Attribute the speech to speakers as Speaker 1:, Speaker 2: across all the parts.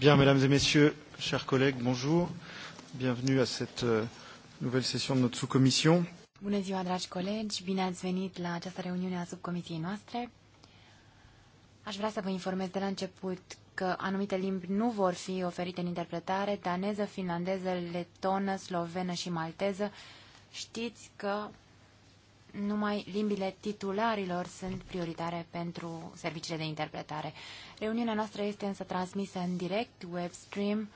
Speaker 1: Bien, mesdames et messieurs, chers collègues, bonjour. Bienvenue à cette euh, nouvelle session de notre sous-commission. Bună ziua, dragi colegi, bine ați venit la această reuniune a subcomisiei noastre. Aș vrea să vă informez de la început că anumite limbi nu vor fi oferite în interpretare, daneză, finlandeză, letonă, slovenă și malteză. Știți că numai limbile titularilor sunt prioritare pentru serviciile de interpretare. Reuniunea noastră este însă transmisă în direct, webstream,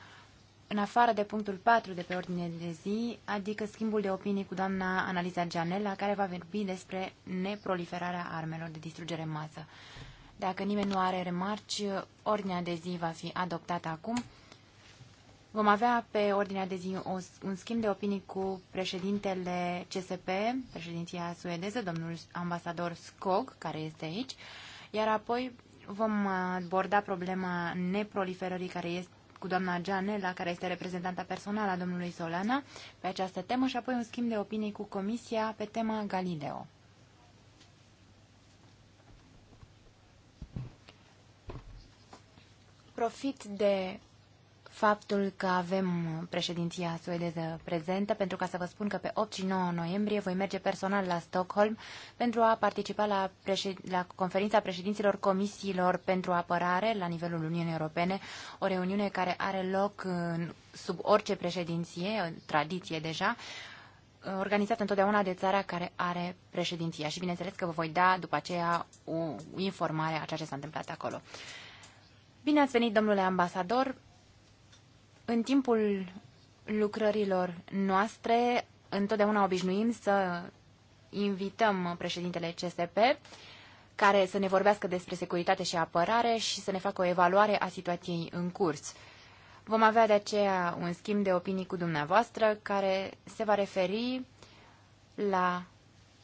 Speaker 1: în afară de punctul 4 de pe ordine de zi, adică schimbul de opinii cu doamna Analiza Gianella, care va vorbi despre neproliferarea armelor de distrugere în masă. Dacă nimeni nu are remarci, ordinea de zi va fi adoptată acum. Vom avea pe ordinea de zi un schimb de opinii cu președintele CSP, președinția suedeză, domnul ambasador Skog, care este aici, iar apoi vom uh, aborda problema neproliferării care este cu doamna Gianella, care este reprezentanta personală a domnului Solana, pe această temă și apoi un schimb de opinii cu Comisia pe tema Galileo. Profit de faptul că avem președinția suedeză prezentă, pentru ca să vă spun că pe 8 și 9 noiembrie voi merge personal la Stockholm pentru a participa la, președ... la conferința președinților comisiilor pentru apărare la nivelul Uniunii Europene, o reuniune care are loc în... sub orice președinție, tradiție deja, organizată întotdeauna de țara care are președinția și bineînțeles că vă voi da după aceea o informare a ceea ce s-a întâmplat acolo. Bine ați venit, domnule ambasador! În timpul lucrărilor noastre, întotdeauna obișnuim să invităm președintele CSP care să ne vorbească despre securitate și apărare și să ne facă o evaluare a situației în curs. Vom avea de aceea un schimb de opinii cu dumneavoastră care se va referi la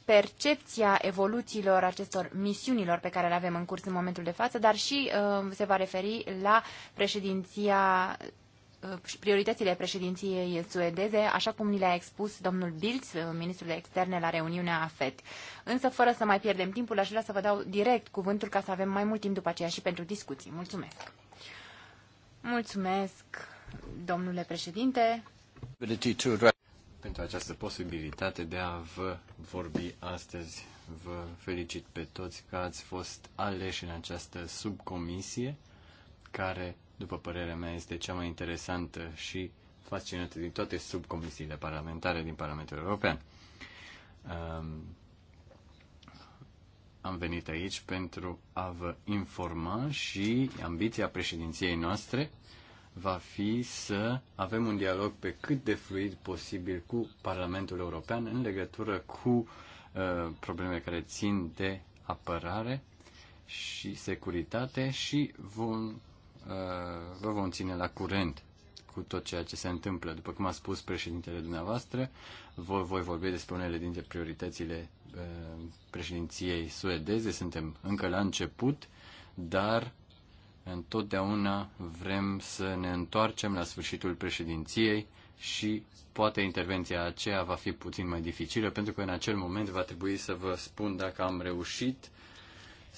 Speaker 1: percepția evoluțiilor acestor misiunilor pe care le avem în curs în momentul de față, dar și uh, se va referi la președinția prioritățile președinției suedeze, așa cum ni le-a expus domnul Bilz, ministrul de externe la reuniunea AFET. Însă, fără să mai pierdem timpul, aș vrea să vă dau direct cuvântul ca să avem mai mult timp după aceea și pentru discuții. Mulțumesc! Mulțumesc, domnule președinte!
Speaker 2: Pentru această posibilitate de a vă vorbi astăzi, vă felicit pe toți că ați fost aleși în această subcomisie care după părerea mea, este cea mai interesantă și fascinată din toate subcomisiile parlamentare din Parlamentul European. Am venit aici pentru a vă informa și ambiția președinției noastre va fi să avem un dialog pe cât de fluid posibil cu Parlamentul European în legătură cu uh, problemele care țin de apărare și securitate și vom Uh, vă vom ține la curent cu tot ceea ce se întâmplă. După cum a spus președintele dumneavoastră, voi, voi vorbi despre unele dintre prioritățile uh, președinției suedeze. Suntem încă la început, dar întotdeauna vrem să ne întoarcem la sfârșitul președinției și poate intervenția aceea va fi puțin mai dificilă, pentru că în acel moment va trebui să vă spun dacă am reușit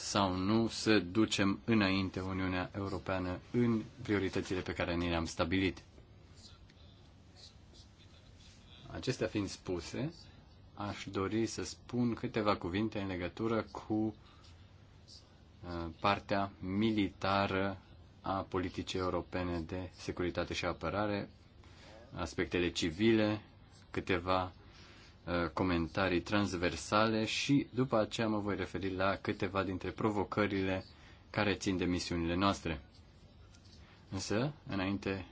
Speaker 2: sau nu să ducem înainte Uniunea Europeană în prioritățile pe care ni le-am stabilit. Acestea fiind spuse, aș dori să spun câteva cuvinte în legătură cu uh, partea militară a politicii europene de securitate și apărare, aspectele civile, câteva Uh, comentarii transversale și după aceea mă voi referi la câteva dintre provocările care țin de misiunile noastre. Însă, înainte,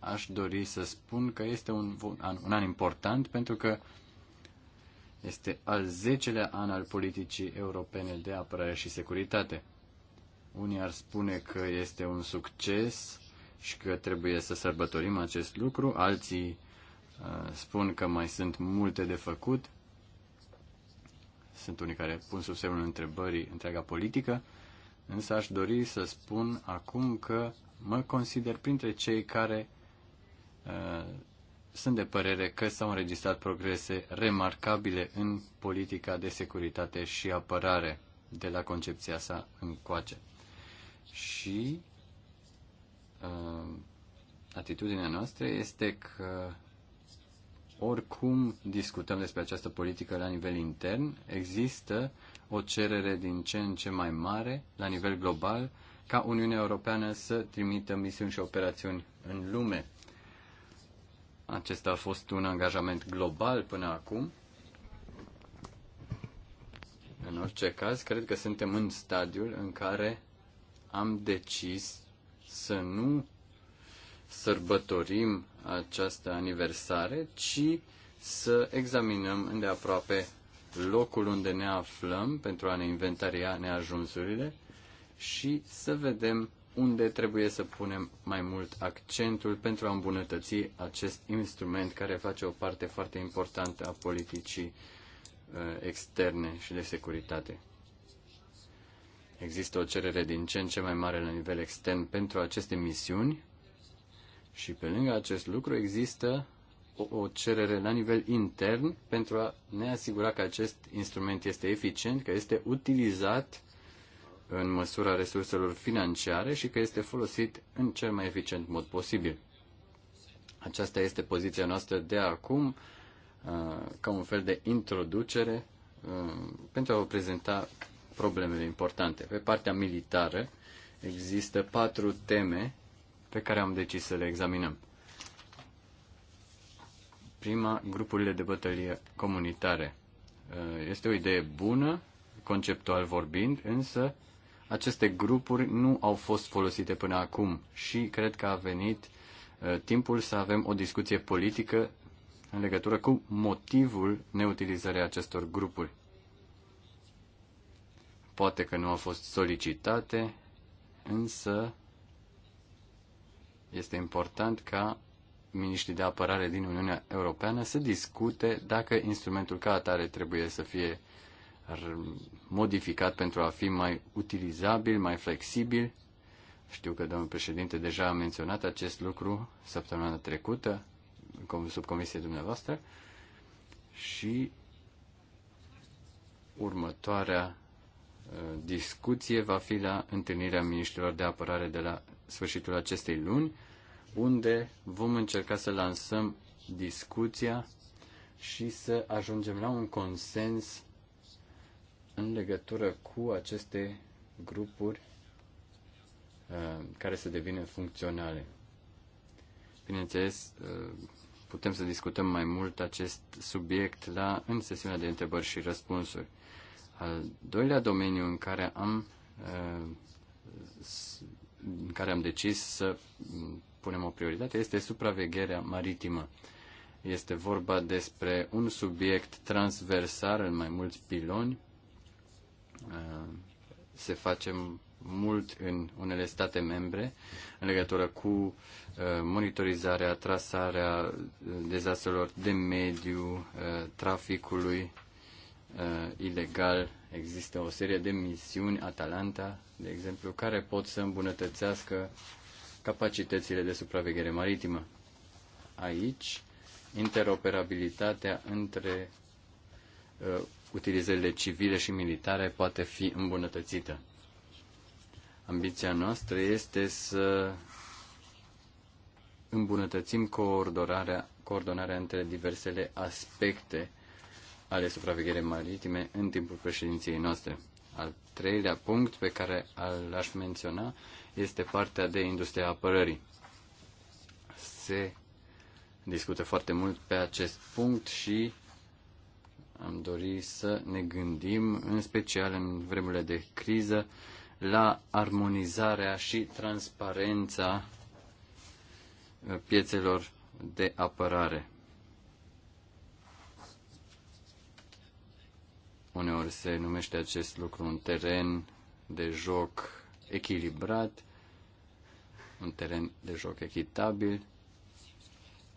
Speaker 2: aș dori să spun că este un, an, un an important pentru că este al zecelea an al politicii europene de apărare și securitate. Unii ar spune că este un succes și că trebuie să sărbătorim acest lucru, alții Uh, spun că mai sunt multe de făcut. Sunt unii care pun sub semnul întrebării întreaga politică, însă aș dori să spun acum că mă consider printre cei care uh, sunt de părere că s-au înregistrat progrese remarcabile în politica de securitate și apărare de la concepția sa încoace. Și uh, atitudinea noastră este că oricum discutăm despre această politică la nivel intern, există o cerere din ce în ce mai mare la nivel global ca Uniunea Europeană să trimită misiuni și operațiuni în lume. Acesta a fost un angajament global până acum. În orice caz, cred că suntem în stadiul în care am decis să nu sărbătorim această aniversare, ci să examinăm îndeaproape locul unde ne aflăm pentru a ne inventaria neajunsurile și să vedem unde trebuie să punem mai mult accentul pentru a îmbunătăți acest instrument care face o parte foarte importantă a politicii uh, externe și de securitate. Există o cerere din ce în ce mai mare la nivel extern pentru aceste misiuni și pe lângă acest lucru există o, o cerere la nivel intern pentru a ne asigura că acest instrument este eficient, că este utilizat în măsura resurselor financiare și că este folosit în cel mai eficient mod posibil. Aceasta este poziția noastră de acum, uh, ca un fel de introducere uh, pentru a vă prezenta problemele importante. Pe partea militară există patru teme pe care am decis să le examinăm. Prima, grupurile de bătălie comunitare. Uh, este o idee bună, conceptual vorbind, însă aceste grupuri nu au fost folosite până acum și cred că a venit uh, timpul să avem o discuție politică în legătură cu motivul neutilizării acestor grupuri. Poate că nu au fost solicitate, însă este important ca miniștrii de apărare din Uniunea Europeană să discute dacă instrumentul ca atare trebuie să fie modificat pentru a fi mai utilizabil, mai flexibil. Știu că domnul președinte deja a menționat acest lucru săptămâna trecută sub comisie dumneavoastră și următoarea uh, discuție va fi la întâlnirea ministrilor de apărare de la sfârșitul acestei luni, unde vom încerca să lansăm discuția și să ajungem la un consens în legătură cu aceste grupuri uh, care se devină funcționale. Bineînțeles, uh, putem să discutăm mai mult acest subiect la, în sesiunea de întrebări și răspunsuri. Al doilea domeniu în care am uh, în care am decis să punem o prioritate este supravegherea maritimă. Este vorba despre un subiect transversar în mai mulți piloni. Uh, se face mult în unele state membre în legătură cu uh, monitorizarea, trasarea uh, dezastrelor de mediu, traficului uh, ilegal. Există o serie de misiuni, Atalanta, de exemplu, care pot să îmbunătățească capacitățile de supraveghere maritimă. Aici, interoperabilitatea între uh, utilizările civile și militare poate fi îmbunătățită. Ambiția noastră este să îmbunătățim coordonarea, coordonarea între diversele aspecte ale supravegherii maritime în timpul președinției noastre. Al treilea punct pe care l-aș menționa este partea de industria apărării. Se discută foarte mult pe acest punct și am dori să ne gândim, în special în vremurile de criză, la armonizarea și transparența piețelor de apărare. Uneori se numește acest lucru un teren de joc echilibrat, un teren de joc echitabil.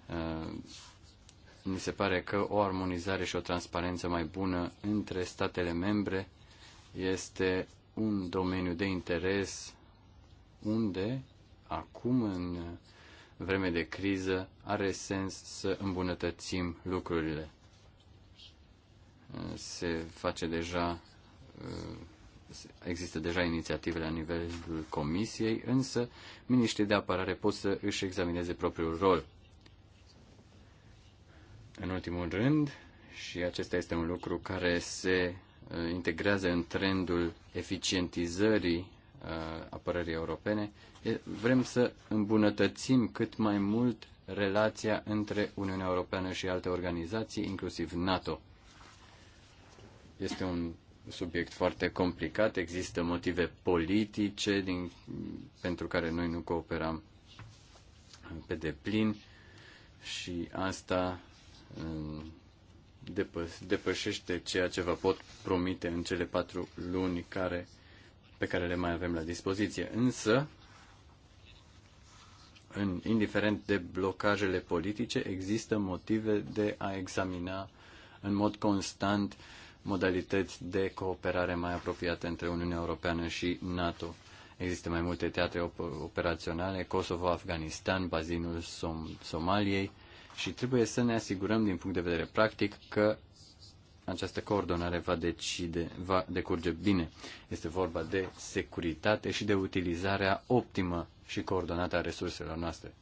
Speaker 2: Uh, mi se pare că o armonizare și o transparență mai bună între statele membre este un domeniu de interes unde, acum, în vreme de criză, are sens să îmbunătățim lucrurile se face deja, uh, există deja inițiative la nivelul comisiei, însă miniștrii de apărare pot să își examineze propriul rol. În ultimul rând, și acesta este un lucru care se uh, integrează în trendul eficientizării uh, apărării europene, vrem să îmbunătățim cât mai mult relația între Uniunea Europeană și alte organizații, inclusiv NATO. Este un subiect foarte complicat, există motive politice din, pentru care noi nu cooperăm pe deplin și asta depășește ceea ce vă pot promite în cele patru luni care, pe care le mai avem la dispoziție. Însă, în, indiferent de blocajele politice, există motive de a examina în mod constant uh, modalități de cooperare mai apropiate între Uniunea Europeană și NATO. Există mai multe teatre operaționale, Kosovo, Afganistan, bazinul Som- Somaliei și trebuie să ne asigurăm din punct de vedere practic că această coordonare va, decide, va decurge bine. Este vorba de securitate și de utilizarea optimă și coordonată a resurselor noastre.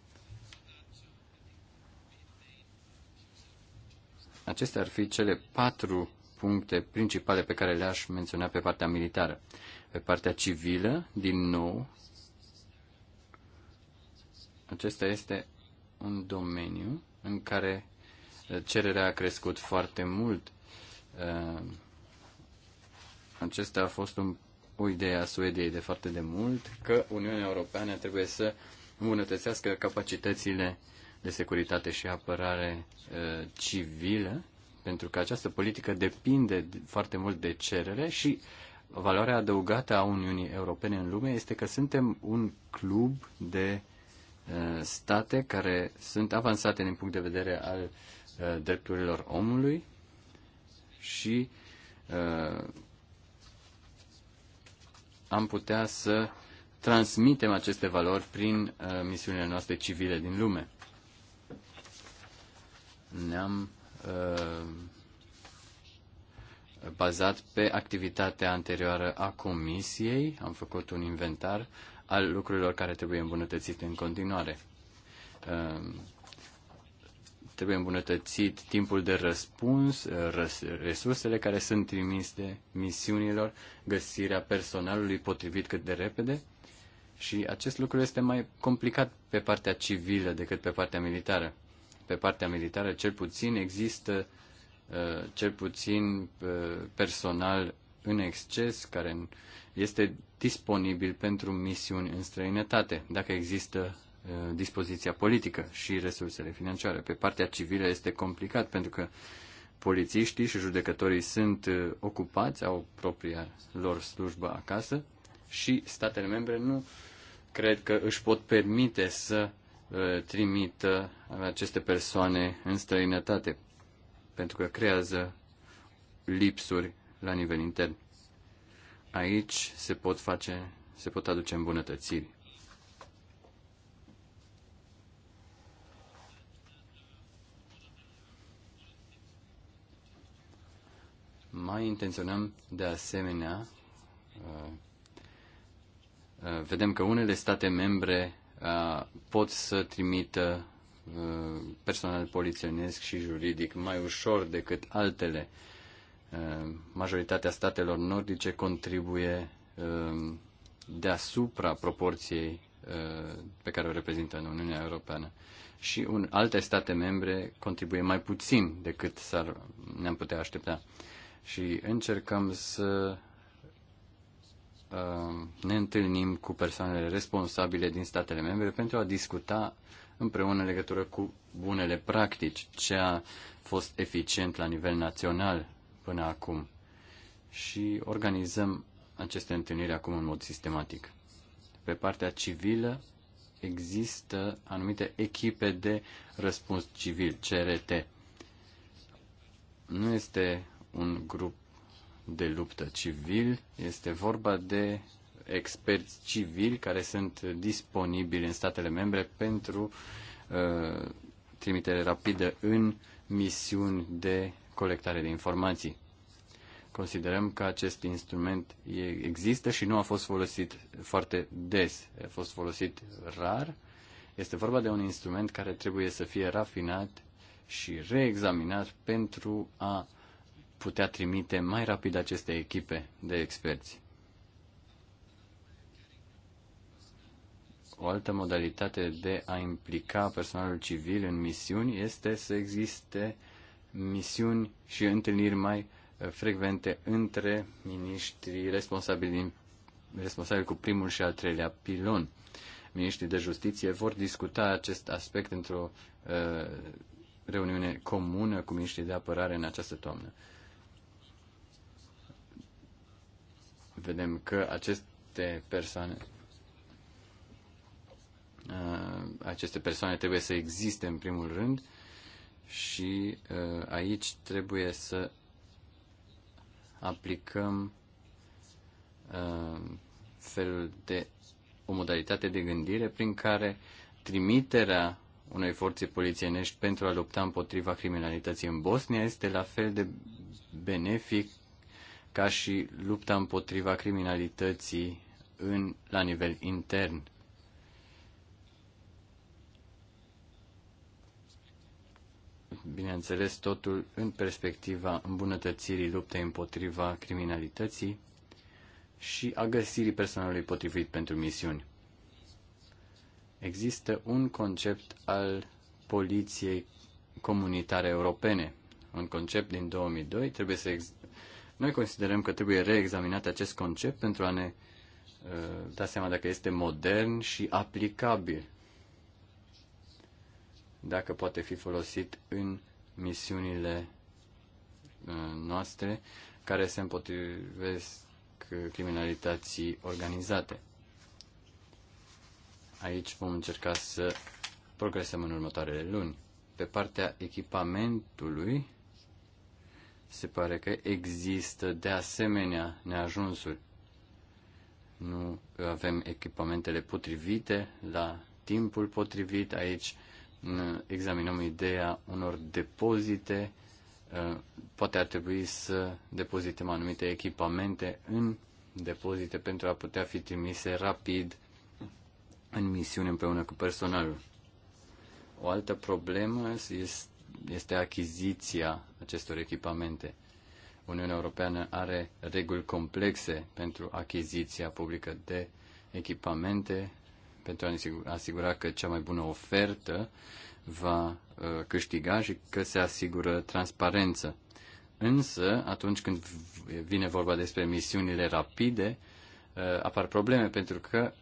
Speaker 2: Acestea ar fi cele patru puncte principale pe care le-aș menționa pe partea militară. Pe partea civilă, din nou, acesta este un domeniu în care uh, cererea a crescut foarte mult. Uh, acesta a fost un, o idee a Suediei de foarte de mult, că Uniunea Europeană trebuie să îmbunătățească capacitățile de securitate și apărare uh, civilă pentru că această politică depinde foarte mult de cerere și valoarea adăugată a Uniunii Europene în lume este că suntem un club de uh, state care sunt avansate din punct de vedere al uh, drepturilor omului și uh, am putea să transmitem aceste valori prin misiunile noastre civile din lume. Ne-am Uh, bazat pe activitatea anterioară a comisiei. Am făcut un inventar al lucrurilor care trebuie îmbunătățite în continuare. Uh, trebuie îmbunătățit timpul de răspuns, uh, resursele care sunt trimise misiunilor, găsirea personalului potrivit cât de repede. Și acest lucru este mai complicat pe partea civilă decât pe partea militară pe partea militară, cel puțin există uh, cel puțin uh, personal în exces care este disponibil pentru misiuni în străinătate, dacă există uh, dispoziția politică și resursele financiare. Pe partea civilă este complicat pentru că polițiștii și judecătorii sunt ocupați, au propria lor slujbă acasă și statele membre nu cred că își pot permite să Uh, trimită uh, aceste persoane în străinătate, pentru că creează lipsuri la nivel intern. Aici se pot face, se pot aduce îmbunătățiri. Mai intenționăm de asemenea, uh, vedem că unele state membre Uh, pot să trimită uh, personal polițienesc și juridic mai ușor decât altele. Uh, majoritatea statelor nordice contribuie deasupra proporției pe care o reprezintă în Uniunea Europeană. Și un, alte state membre contribuie mai puțin decât ne-am putea aștepta. Și încercăm să Uh, ne întâlnim cu persoanele responsabile din statele membre pentru a discuta împreună în legătură cu bunele practici, ce a fost eficient la nivel național până acum. Și organizăm aceste întâlniri acum în mod sistematic. Pe partea civilă există anumite echipe de răspuns civil, CRT. Nu este un grup de luptă civil. Este vorba de experți civili care sunt disponibili în statele membre pentru uh, trimitere rapidă în misiuni de colectare de informații. Considerăm că acest instrument există și nu a fost folosit foarte des, a fost folosit rar. Este vorba de un instrument care trebuie să fie rafinat și reexaminat pentru a uh, putea trimite mai rapid aceste echipe de experți. O altă modalitate de a implica personalul civil în misiuni este să existe misiuni și întâlniri mai eh, frecvente între miniștrii responsabili, responsabili cu primul și al treilea pilon. Miniștrii de justiție vor discuta acest aspect într-o uh, reuniune comună cu miniștrii de apărare în această toamnă. vedem că aceste persoane aceste persoane trebuie să existe în primul rând și aici trebuie să aplicăm felul de o modalitate de gândire prin care trimiterea unei forțe polițienești pentru a lupta împotriva criminalității în Bosnia este la fel de benefic ca și lupta împotriva criminalității în, la nivel intern. Bineînțeles, totul în perspectiva îmbunătățirii luptei împotriva criminalității și a găsirii personalului potrivit pentru misiuni. Există un concept al poliției comunitare europene, un concept din 2002, trebuie să noi considerăm că trebuie reexaminat acest concept pentru a ne uh, da seama dacă este modern și aplicabil, dacă poate fi folosit în misiunile uh, noastre care se împotrivesc criminalității organizate. Aici vom încerca să progresăm în următoarele luni. Pe partea echipamentului, se pare că există de asemenea neajunsuri. Nu avem echipamentele potrivite la timpul potrivit. Aici mm, examinăm ideea unor depozite. Eh, poate ar trebui să depozităm anumite echipamente în depozite pentru a putea fi trimise rapid în misiune împreună cu personalul. O altă problemă este este achiziția acestor echipamente. Uniunea Europeană are reguli complexe pentru achiziția publică de echipamente, pentru a asigura că cea mai bună ofertă va uh, câștiga și că se asigură transparență. Însă, atunci când vine vorba despre misiunile rapide, uh, apar probleme pentru că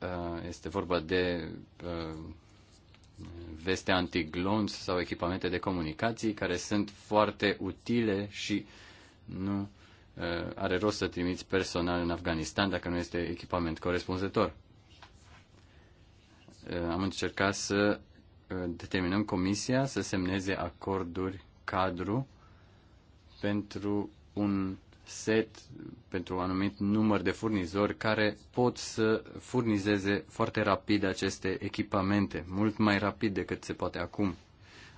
Speaker 2: uh, este vorba de veste antiglonț sau echipamente de comunicații care sunt foarte utile și nu uh, are rost să trimiți personal în Afganistan dacă nu este echipament corespunzător. Uh, am încercat să uh, determinăm comisia să semneze acorduri cadru pentru un set pentru un anumit număr de furnizori care pot să furnizeze foarte rapid aceste echipamente, mult mai rapid decât se poate acum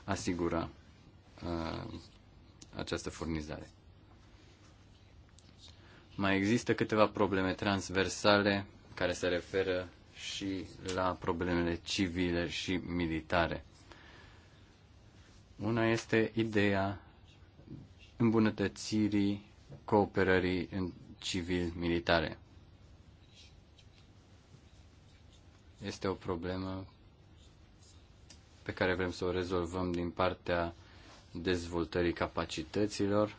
Speaker 2: asigura uh, această furnizare. Mai există câteva probleme transversale care se referă și la problemele civile și militare. Una este ideea îmbunătățirii cooperării în civil-militare. Este o problemă pe care vrem să o rezolvăm din partea dezvoltării capacităților.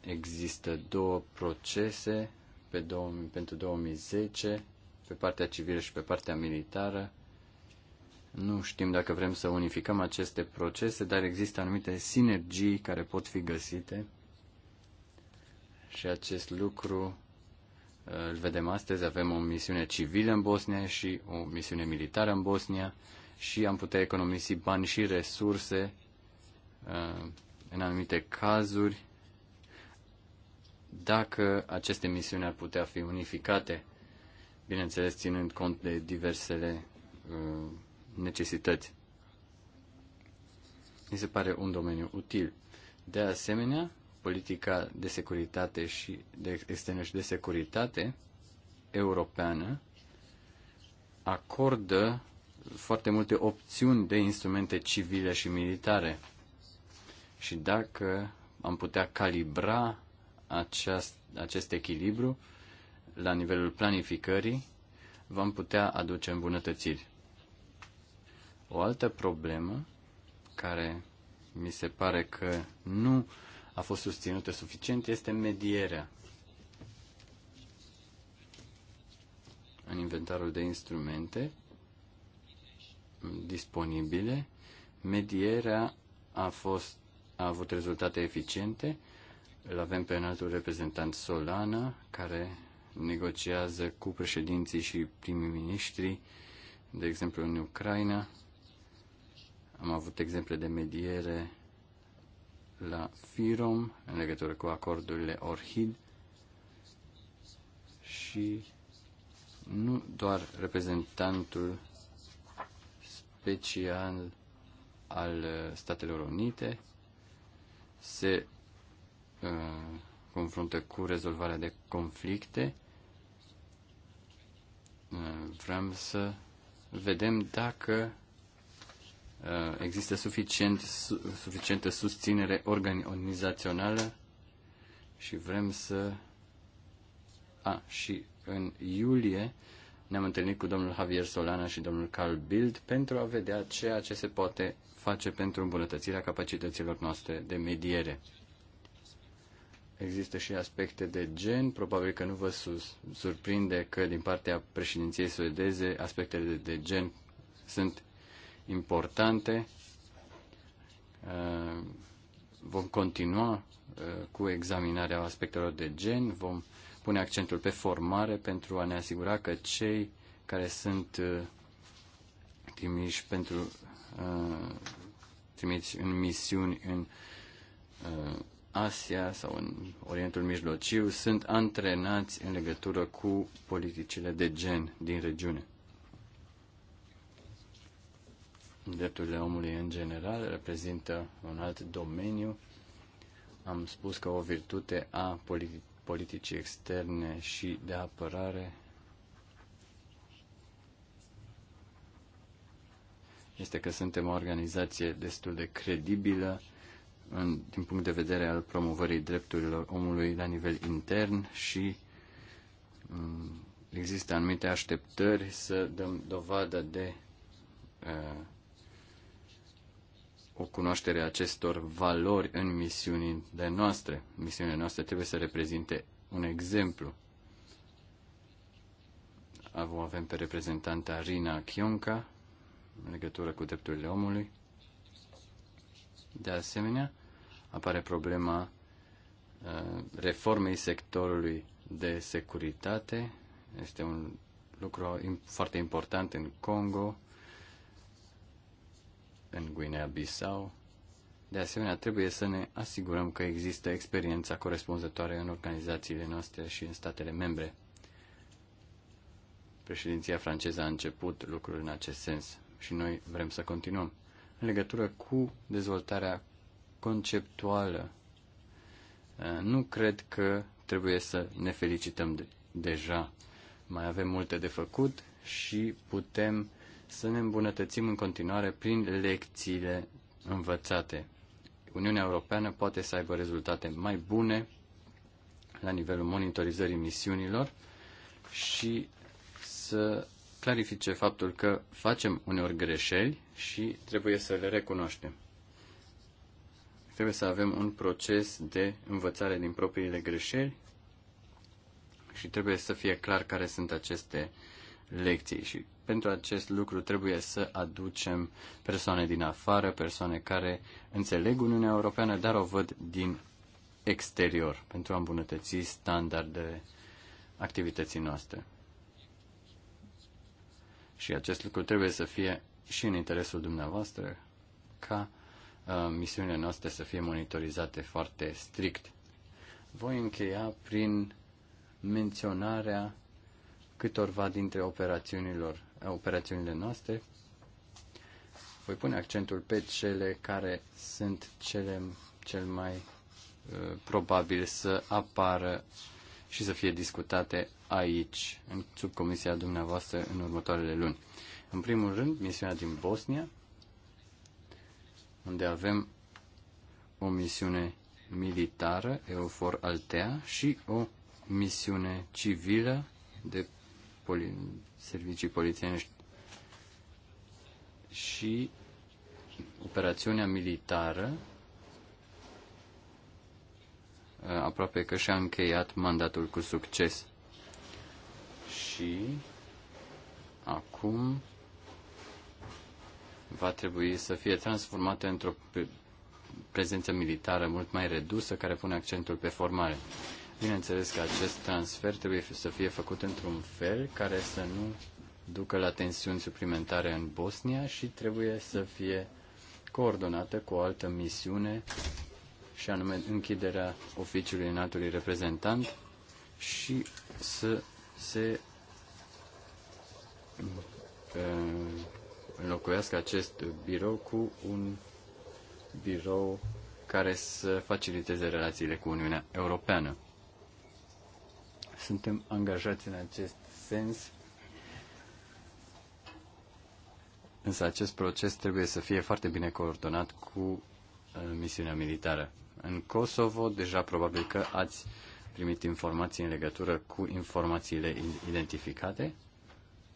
Speaker 2: Există două procese pe 2000, pentru 2010, pe partea civilă și pe partea militară. Nu știm dacă vrem să unificăm aceste procese, dar există anumite sinergii care pot fi găsite și acest lucru uh, îl vedem astăzi. Avem o misiune civilă în Bosnia și o misiune militară în Bosnia și am putea economisi bani și resurse uh, în anumite cazuri dacă aceste misiuni ar putea fi unificate, bineînțeles ținând cont de diversele uh, necesități. Mi se pare un domeniu util. De asemenea, politica de securitate și de externe și de securitate europeană acordă foarte multe opțiuni de instrumente civile și militare. Și dacă am putea calibra aceast, acest echilibru la nivelul planificării, vom putea aduce îmbunătățiri. O altă problemă care mi se pare că nu a fost susținută suficient este medierea. În inventarul de instrumente disponibile, medierea a, fost, a avut rezultate eficiente. Îl avem pe înaltul reprezentant Solana, care negociază cu președinții și primii miniștri, de exemplu în Ucraina, am avut exemple de mediere la FIROM în legătură cu acordurile ORHID și nu doar reprezentantul special al uh, Statelor Unite se uh, confruntă cu rezolvarea de conflicte. Uh, vrem să vedem dacă Uh, există suficient, suficientă susținere organizațională și vrem să... A, și în iulie ne-am întâlnit cu domnul Javier Solana și domnul Carl Bild pentru a vedea ceea ce se poate face pentru îmbunătățirea capacităților noastre de mediere. Există și aspecte de gen, probabil că nu vă surprinde că din partea președinției suedeze aspectele de gen sunt importante. Uh, vom continua uh, cu examinarea aspectelor de gen, vom pune accentul pe formare pentru a ne asigura că cei care sunt uh, trimiși pentru trimiți în misiuni în Asia sau în Orientul Mijlociu sunt antrenați în legătură cu politicile de gen din regiune. Drepturile omului în general reprezintă un alt domeniu. Am spus că o virtute a politicii externe și de apărare este că suntem o organizație destul de credibilă în, din punct de vedere al promovării drepturilor omului la nivel intern și mm, există anumite așteptări să dăm dovadă de uh, o cunoaștere a acestor valori în misiunile noastre. Misiunile noastre trebuie să reprezinte un exemplu. O avem pe reprezentanta Rina Chionca în legătură cu drepturile omului. De asemenea, apare problema uh, reformei sectorului de securitate. Este un lucru foarte important în Congo în Guinea-Bissau. De asemenea, trebuie să ne asigurăm că există experiența corespunzătoare în organizațiile noastre și în statele membre. Președinția franceză a început lucrul în acest sens și noi vrem să continuăm. În legătură cu dezvoltarea conceptuală, eh, nu cred că trebuie să ne felicităm de- deja. Mai avem multe de făcut și putem să ne îmbunătățim în continuare prin lecțiile învățate. Uniunea Europeană poate să aibă rezultate mai bune la nivelul monitorizării misiunilor și să clarifice faptul că facem uneori greșeli și trebuie să le recunoaștem. Trebuie să avem un proces de învățare din propriile greșeli și trebuie să fie clar care sunt aceste lecții și pentru acest lucru trebuie să aducem persoane din afară, persoane care înțeleg Uniunea Europeană, dar o văd din exterior, pentru a îmbunătăți standardele activității noastre. Și acest lucru trebuie să fie și în interesul dumneavoastră ca uh, misiunile noastre să fie monitorizate foarte strict. Voi încheia prin menționarea câtorva dintre operațiunilor, operațiunile noastre. Voi pune accentul pe cele care sunt cele, cel mai uh, probabil să apară și să fie discutate aici, în subcomisia dumneavoastră, în următoarele luni. În primul rând, misiunea din Bosnia, unde avem o misiune militară, EUFOR Altea, și o misiune civilă de poli, servicii polițienești și operațiunea militară uh, aproape că și-a încheiat mandatul cu succes. Și acum va trebui să fie transformată într-o prezență militară mult mai redusă care pune accentul pe formare. Bineînțeles că acest transfer trebuie să fie făcut într-un fel care să nu ducă la tensiuni suplimentare în Bosnia și trebuie să fie coordonată cu o altă misiune și anume închiderea oficiului înaltului reprezentant și să se uh, înlocuiască acest birou cu un birou care să faciliteze relațiile cu Uniunea Europeană. Suntem angajați în acest sens, însă acest proces trebuie să fie foarte bine coordonat cu uh, misiunea militară. În Kosovo, deja probabil că ați primit informații în legătură cu informațiile identificate.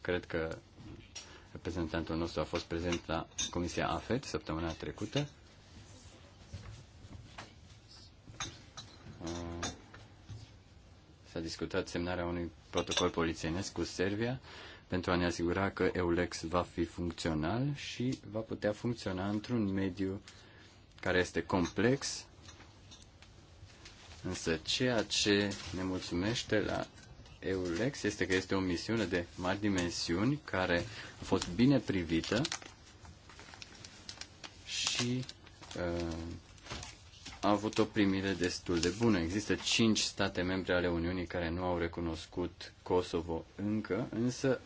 Speaker 2: Cred că reprezentantul nostru a fost prezent la Comisia AFET săptămâna trecută s-a discutat semnarea unui protocol polițienesc cu Serbia pentru a ne asigura că EULEX va fi funcțional și va putea funcționa într-un mediu care este complex, însă ceea ce ne mulțumește la EULEX este că este o misiune de mari dimensiuni care a fost bine privită și uh, a avut o primire destul de bună. Există cinci state membre ale Uniunii care nu au recunoscut Kosovo încă, însă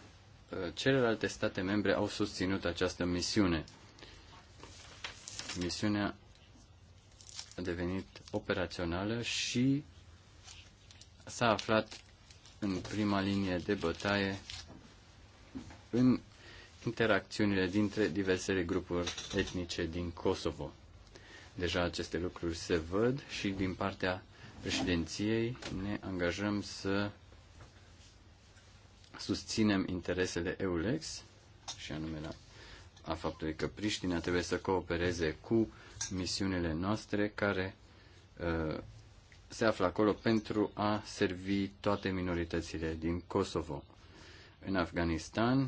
Speaker 2: uh, celelalte state membre au susținut această misiune. Misiunea a devenit operațională și s-a aflat în prima linie de bătaie în interacțiunile dintre diversele grupuri etnice din Kosovo. Deja aceste lucruri se văd și din partea președinției ne angajăm să susținem interesele EULEX și anume la a faptului că Priștina trebuie să coopereze cu misiunile noastre care uh, se află acolo pentru a servi toate minoritățile din Kosovo. În Afganistan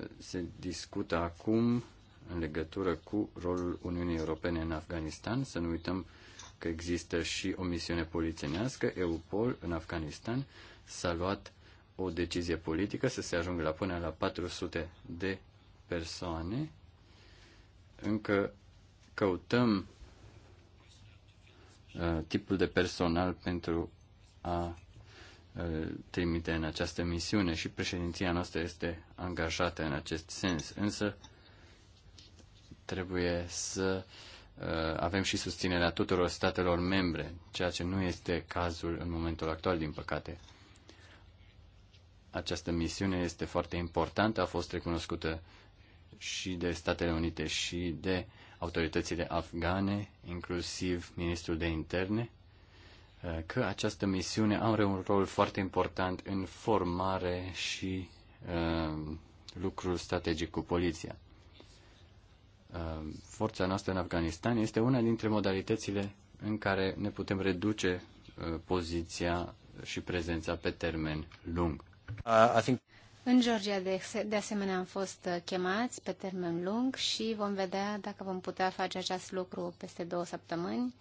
Speaker 2: uh, se discută acum în legătură cu rolul Uniunii Europene în Afganistan. Să nu uităm că există și o misiune polițienească, EUPOL, în Afganistan. S-a luat o decizie politică să se ajungă la până la 400 de persoane. Încă căutăm uh, tipul de personal pentru a uh, trimite în această misiune și președinția noastră este angajată în acest sens. Însă trebuie să uh, avem și susținerea tuturor statelor membre, ceea ce nu este cazul în momentul actual, din păcate. Această misiune este foarte importantă, a fost recunoscută și de Statele Unite și de autoritățile afgane, inclusiv ministrul de interne, uh, că această misiune are un rol foarte important în formare și uh, lucrul strategic cu poliția. Uh, forța noastră în Afganistan este una dintre modalitățile în care ne putem reduce uh, poziția și prezența pe termen lung. Uh, think...
Speaker 3: În Georgia, de, de asemenea, am fost uh, chemați pe termen lung și vom vedea dacă vom putea face acest lucru peste două săptămâni.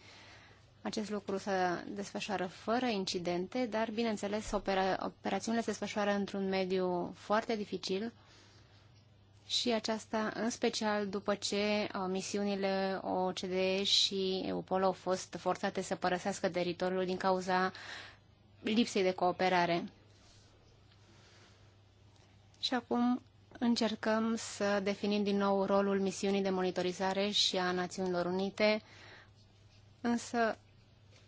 Speaker 3: Acest lucru se desfășoară fără incidente, dar, bineînțeles, opera, operațiunile se desfășoară într-un mediu foarte dificil, și aceasta în special după ce uh, misiunile OCDE și EUPOL au fost forțate să părăsească teritoriul din cauza lipsei de cooperare. Și acum încercăm să definim din nou rolul misiunii de monitorizare și a Națiunilor Unite, însă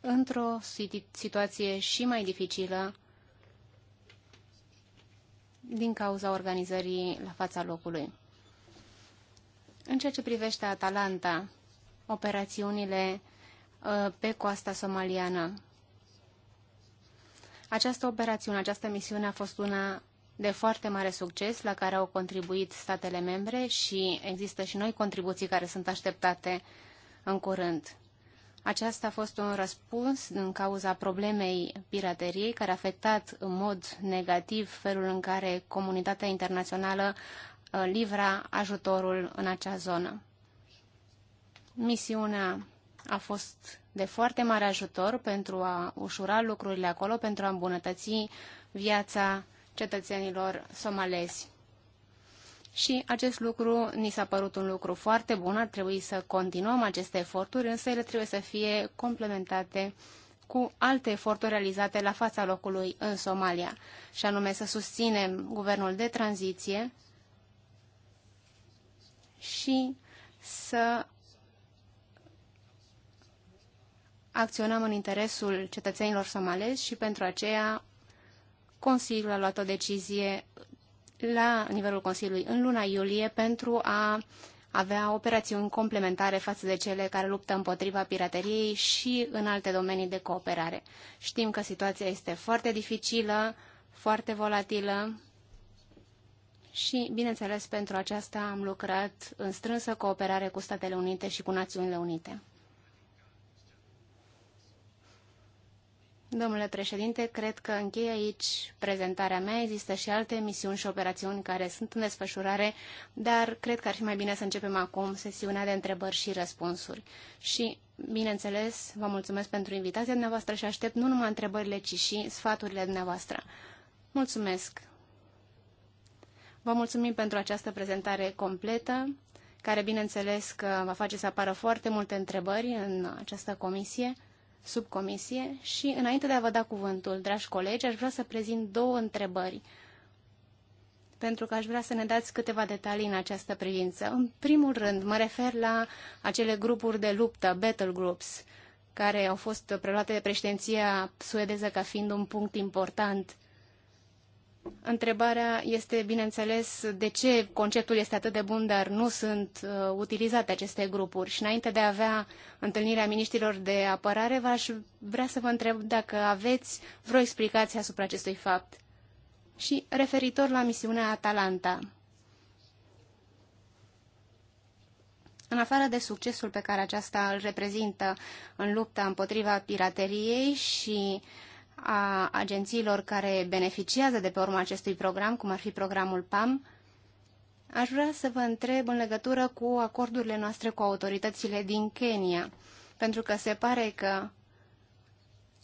Speaker 3: într-o situație și mai dificilă din cauza organizării la fața locului. În ceea ce privește Atalanta, operațiunile uh, pe coasta somaliană, această operațiune, această misiune a fost una de foarte mare succes la care au contribuit statele membre și există și noi contribuții care sunt așteptate în curând. Aceasta a fost un răspuns din cauza problemei pirateriei, care a afectat în mod negativ felul în care comunitatea internațională uh, livra ajutorul în acea zonă. Misiunea a fost de foarte mare ajutor pentru a ușura lucrurile acolo, pentru a îmbunătăți viața cetățenilor somalezi și acest lucru ni s-a părut un lucru foarte bun, ar trebui să continuăm aceste eforturi, însă ele trebuie să fie complementate cu alte eforturi realizate la fața locului în Somalia, și anume să susținem guvernul de tranziție și să acționăm în interesul cetățenilor somalezi și pentru aceea Consiliul a luat o decizie la nivelul Consiliului în luna iulie pentru a avea operațiuni complementare față de cele care luptă împotriva pirateriei și în alte domenii de cooperare. Știm că situația este foarte dificilă, foarte volatilă și, bineînțeles, pentru aceasta am lucrat în strânsă cooperare cu Statele Unite și cu Națiunile Unite. Domnule președinte, cred că închei aici prezentarea mea. Există și alte misiuni și operațiuni care sunt în desfășurare, dar cred că ar fi mai bine să începem acum sesiunea de întrebări și răspunsuri. Și, bineînțeles, vă mulțumesc pentru invitația dumneavoastră și aștept nu numai întrebările, ci și sfaturile dumneavoastră. Mulțumesc! Vă mulțumim pentru această prezentare completă, care, bineînțeles, că va face să apară foarte multe întrebări în această comisie subcomisie și înainte de a vă da cuvântul, dragi colegi, aș vrea să prezint două întrebări pentru că aș vrea să ne dați câteva detalii în această privință. În primul rând, mă refer la acele grupuri de luptă, battle groups, care au fost preluate de președinția suedeză ca fiind un punct important Întrebarea este, bineînțeles, de ce conceptul este atât de bun, dar nu sunt uh, utilizate aceste grupuri. Și înainte de a avea întâlnirea miniștilor de apărare, v-aș vrea să vă întreb dacă aveți vreo explicație asupra acestui fapt. Și referitor la misiunea Atalanta. În afară de succesul pe care aceasta îl reprezintă în lupta împotriva pirateriei și uh, a agențiilor care beneficiază de pe urma acestui program, cum ar fi programul PAM, aș vrea să vă întreb în legătură cu acordurile noastre cu autoritățile din Kenya, pentru că se pare că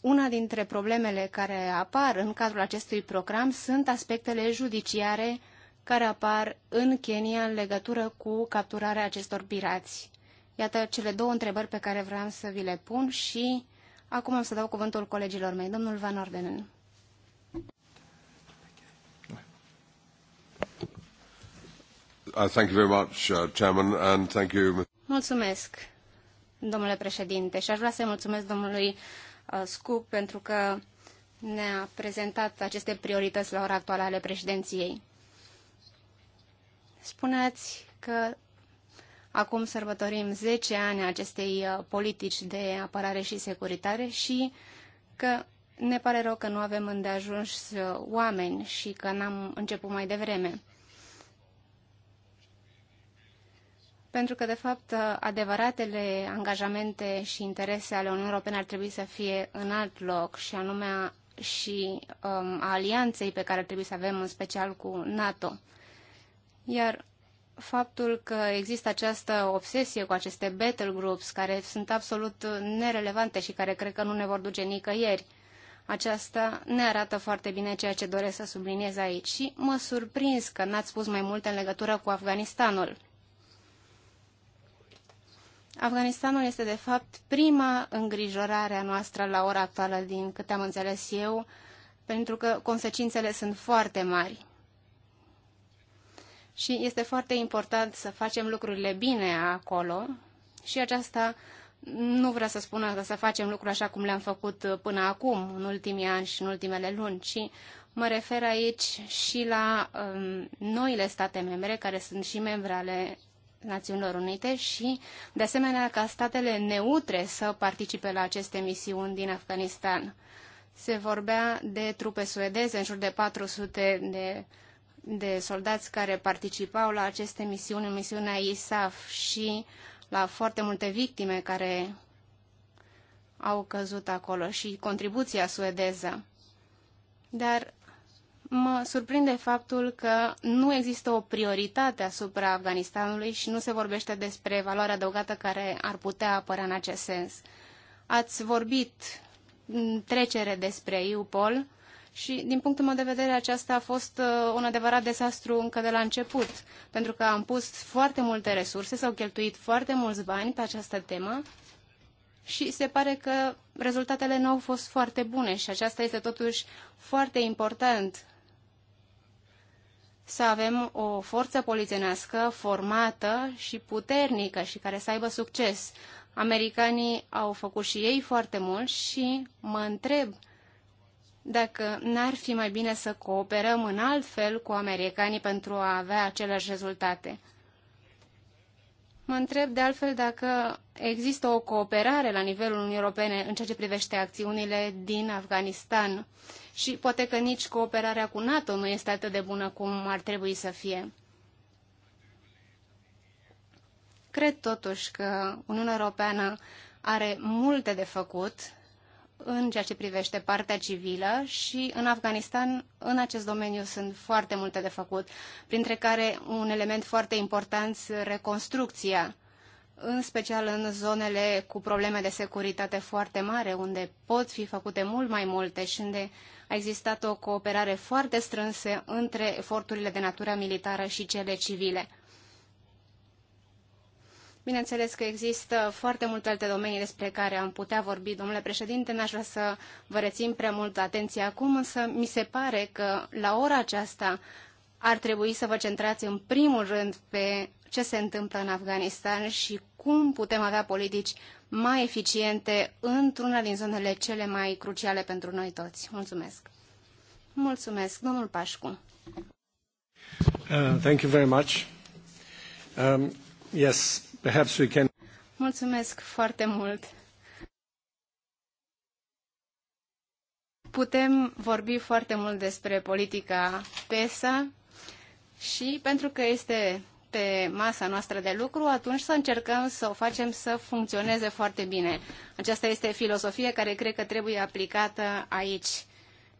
Speaker 3: una dintre problemele care apar în cadrul acestui program sunt aspectele judiciare care apar în Kenya în legătură cu capturarea acestor pirați. Iată cele două întrebări pe care vreau să vi le pun și Acum am să dau cuvântul colegilor mei. Domnul Van Ordenen.
Speaker 1: Uh, thank you very much, uh, Chairman, and thank you.
Speaker 3: Mulțumesc, domnule președinte, și aș vrea să-i mulțumesc domnului uh, Scup pentru că ne-a prezentat aceste priorități la ora actuală ale președinției. Spuneți că Acum sărbătorim 10 ani acestei uh, politici de apărare și securitare și că ne pare rău că nu avem îndeajuns uh, oameni și că n-am început mai devreme. Pentru că, de fapt, uh, adevăratele angajamente și interese ale Uniunii Europene ar trebui să fie în alt loc și anume și um, a alianței pe care ar trebui să avem în special cu NATO. Iar faptul că există această obsesie cu aceste battle groups care sunt absolut nerelevante și care cred că nu ne vor duce nicăieri. Aceasta ne arată foarte bine ceea ce doresc să subliniez aici și mă surprins că n-ați spus mai multe în legătură cu Afganistanul. Afganistanul este, de fapt, prima îngrijorare a noastră la ora actuală, din câte am înțeles eu, pentru că consecințele sunt foarte mari și este foarte important să facem lucrurile bine acolo și aceasta nu vrea să spună că să facem lucruri așa cum le-am făcut până acum, în ultimii ani și în ultimele luni, ci mă refer aici și la um, noile state membre, care sunt și membre ale Națiunilor Unite și, de asemenea, ca statele neutre să participe la aceste misiuni din Afganistan. Se vorbea de trupe suedeze, în jur de 400 de de soldați care participau la aceste misiuni, misiunea ISAF și la foarte multe victime care au căzut acolo și contribuția suedeză. Dar mă surprinde faptul că nu există o prioritate asupra Afganistanului și nu se vorbește despre valoarea adăugată care ar putea apărea în acest sens. Ați vorbit în trecere despre EUPOL și, din punctul meu de vedere, aceasta a fost uh, un adevărat dezastru încă de la început, pentru că am pus foarte multe resurse, s-au cheltuit foarte mulți bani pe această temă și se pare că rezultatele nu au fost foarte bune și aceasta este totuși foarte important să avem o forță polițienească formată și puternică și care să aibă succes. Americanii au făcut și ei foarte mult și mă întreb dacă n-ar fi mai bine să cooperăm în alt fel cu americanii pentru a avea aceleași rezultate. Mă întreb de altfel dacă există o cooperare la nivelul Uniunii Europene în ceea ce privește acțiunile din Afganistan și poate că nici cooperarea cu NATO nu este atât de bună cum ar trebui să fie. Cred totuși că Uniunea Europeană are multe de făcut în ceea ce privește partea civilă și în Afganistan, în acest domeniu sunt foarte multe de făcut, printre care un element foarte important, reconstrucția, în special în zonele cu probleme de securitate foarte mare, unde pot fi făcute mult mai multe și unde a existat o cooperare foarte strânsă între eforturile de natură militară și cele civile. Bineînțeles că există foarte multe alte domenii despre care am putea vorbi, domnule președinte, n-aș vrea să vă rețin prea mult atenția acum, însă mi se pare că la ora aceasta ar trebui să vă centrați în primul rând pe ce se întâmplă în Afganistan și cum putem avea politici mai eficiente într-una din zonele cele mai cruciale pentru noi toți. Mulțumesc. Mulțumesc, domnul Pașcu.
Speaker 1: Uh, thank you very much. Um, yes, Perhaps we can...
Speaker 3: Mulțumesc foarte mult. Putem vorbi foarte mult despre politica PESA și pentru că este pe masa noastră de lucru, atunci să încercăm să o facem să funcționeze foarte bine. Aceasta este filosofie care cred că trebuie aplicată aici.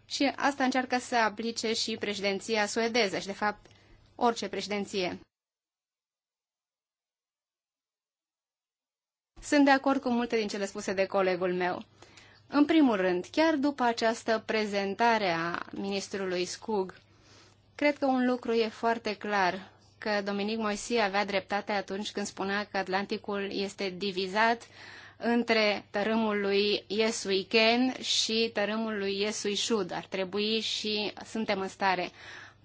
Speaker 3: Și asta încearcă să aplice și președinția suedeză și, de fapt, orice președinție. Sunt de acord cu multe din cele spuse de colegul meu. În primul rând, chiar după această prezentare a ministrului Scug, cred că un lucru e foarte clar, că Dominic Moisie avea dreptate atunci când spunea că Atlanticul este divizat între tărâmul lui Yes Ken și tărâmul lui Yes Shud. Ar trebui și suntem în stare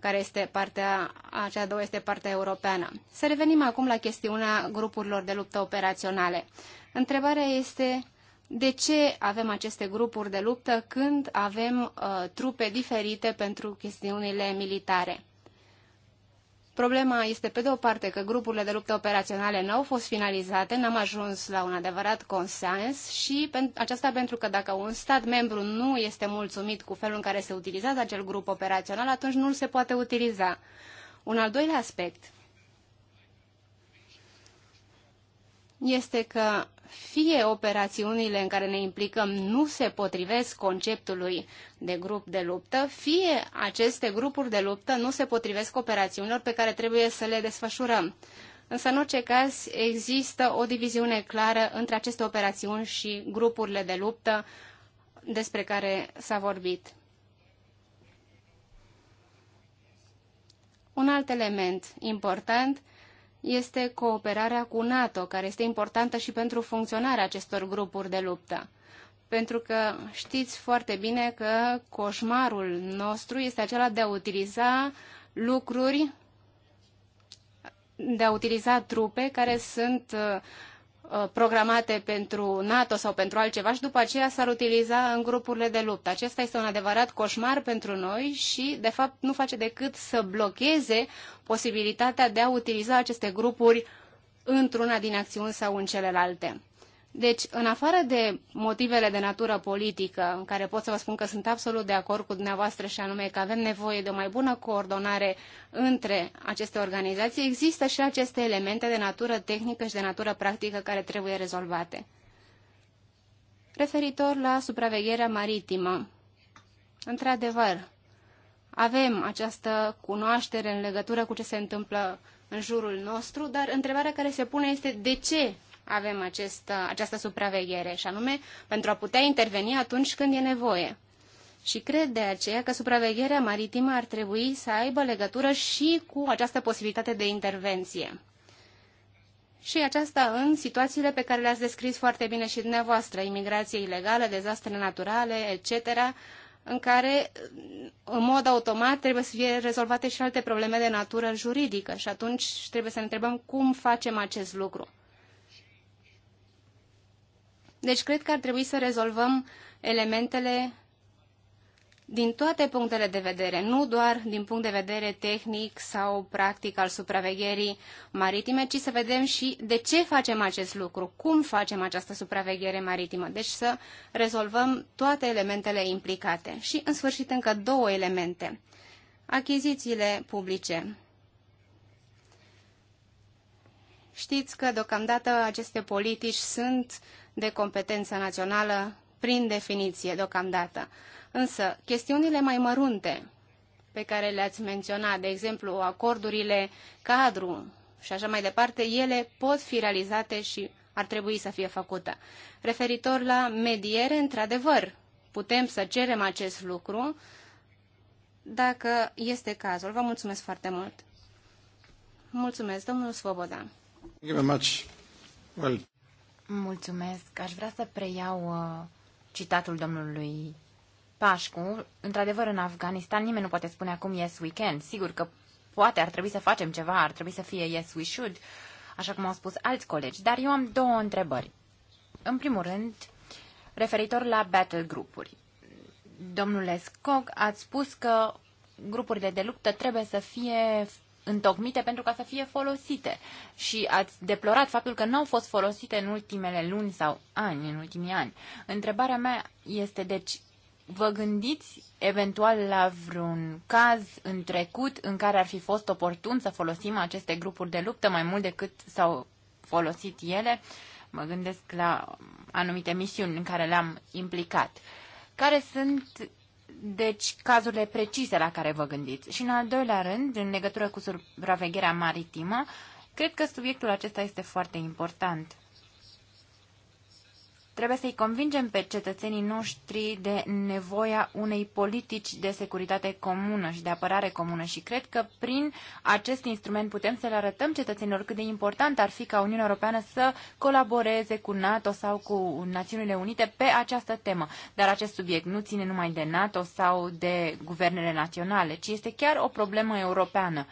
Speaker 3: care este partea, cea a doua este partea europeană. Să revenim acum la chestiunea grupurilor de luptă operaționale. Întrebarea este de ce avem aceste grupuri de luptă când avem uh, trupe diferite pentru chestiunile militare. Problema este, pe de o parte, că grupurile de luptă operaționale nu au fost finalizate, n-am ajuns la un adevărat consens și aceasta pentru că dacă un stat membru nu este mulțumit cu felul în care se utilizează acel grup operațional, atunci nu îl se poate utiliza. Un al doilea aspect este că fie operațiunile în care ne implicăm nu se potrivesc conceptului de grup de luptă, fie aceste grupuri de luptă nu se potrivesc operațiunilor pe care trebuie să le desfășurăm. Însă, în orice caz, există o diviziune clară între aceste operațiuni și grupurile de luptă despre care s-a vorbit. Un alt element important este cooperarea cu NATO, care este importantă și pentru funcționarea acestor grupuri de luptă. Pentru că știți foarte bine că coșmarul nostru este acela de a utiliza lucruri, de a utiliza trupe care sunt uh, Uh, programate pentru NATO sau pentru altceva și după aceea s-ar utiliza în grupurile de luptă. Acesta este un adevărat coșmar pentru noi și, de fapt, nu face decât să blocheze posibilitatea de a utiliza aceste grupuri într-una din acțiuni sau în celelalte. Deci, în afară de motivele de natură politică, în care pot să vă spun că sunt absolut de acord cu dumneavoastră și anume că avem nevoie de o mai bună coordonare între aceste organizații, există și aceste elemente de natură tehnică și de natură practică care trebuie rezolvate. Referitor la supravegherea maritimă, într-adevăr, avem această cunoaștere în legătură cu ce se întâmplă în jurul nostru, dar întrebarea care se pune este de ce avem acest, uh, această supraveghere, și anume pentru a putea interveni atunci când e nevoie. Și cred de aceea că supravegherea maritimă ar trebui să aibă legătură și cu această posibilitate de intervenție. Și aceasta în situațiile pe care le-ați descris foarte bine și dumneavoastră, imigrație ilegală, dezastre naturale, etc., în care, în mod automat, trebuie să fie rezolvate și alte probleme de natură juridică. Și atunci trebuie să ne întrebăm cum facem acest lucru. Deci cred că ar trebui să rezolvăm elementele din toate punctele de vedere, nu doar din punct de vedere tehnic sau practic al supravegherii maritime, ci să vedem și de ce facem acest lucru, cum facem această supraveghere maritimă. Deci să rezolvăm toate elementele implicate. Și, în sfârșit, încă două elemente. Achizițiile publice. Știți că, deocamdată, aceste politici sunt uh, de competență națională prin definiție deocamdată. Însă, chestiunile mai mărunte pe care le-ați menționat, de exemplu, acordurile cadru și așa mai departe, ele pot fi realizate și ar trebui să fie făcută. Referitor la mediere, într-adevăr, putem să cerem acest lucru dacă este cazul. Vă mulțumesc foarte mult. Mulțumesc, domnul Svoboda. Thank
Speaker 2: you very much. Well,
Speaker 3: Mulțumesc. Aș vrea să
Speaker 1: preiau uh, citatul domnului Pașcu. Într-adevăr, în Afganistan nimeni nu poate spune acum yes we can. Sigur că poate ar trebui să facem ceva, ar trebui să fie yes we should, așa cum au spus alți colegi. Dar eu am două întrebări. În primul rând, referitor la battle grupuri. Domnule Scog, ați spus că grupurile de luptă trebuie să fie întocmite pentru ca să fie folosite. Și ați deplorat faptul că nu au fost folosite în ultimele luni sau ani, în ultimii ani. Întrebarea mea este, deci, vă gândiți eventual la vreun caz în trecut în care ar fi fost oportun să folosim aceste grupuri de luptă mai mult decât s-au folosit ele? Mă gândesc la anumite misiuni în care le-am implicat. Care sunt deci cazurile precise la care vă gândiți. Și în al doilea rând, în legătură cu supravegherea maritimă, cred că subiectul acesta este foarte important. Trebuie să-i convingem pe cetățenii noștri de nevoia unei politici de securitate comună și de apărare comună și cred că prin acest instrument putem să le arătăm cetățenilor cât de important ar fi ca Uniunea Europeană să colaboreze cu NATO sau cu Națiunile Unite pe această temă. Dar acest subiect nu ține numai de NATO sau de guvernele naționale, ci este chiar o problemă europeană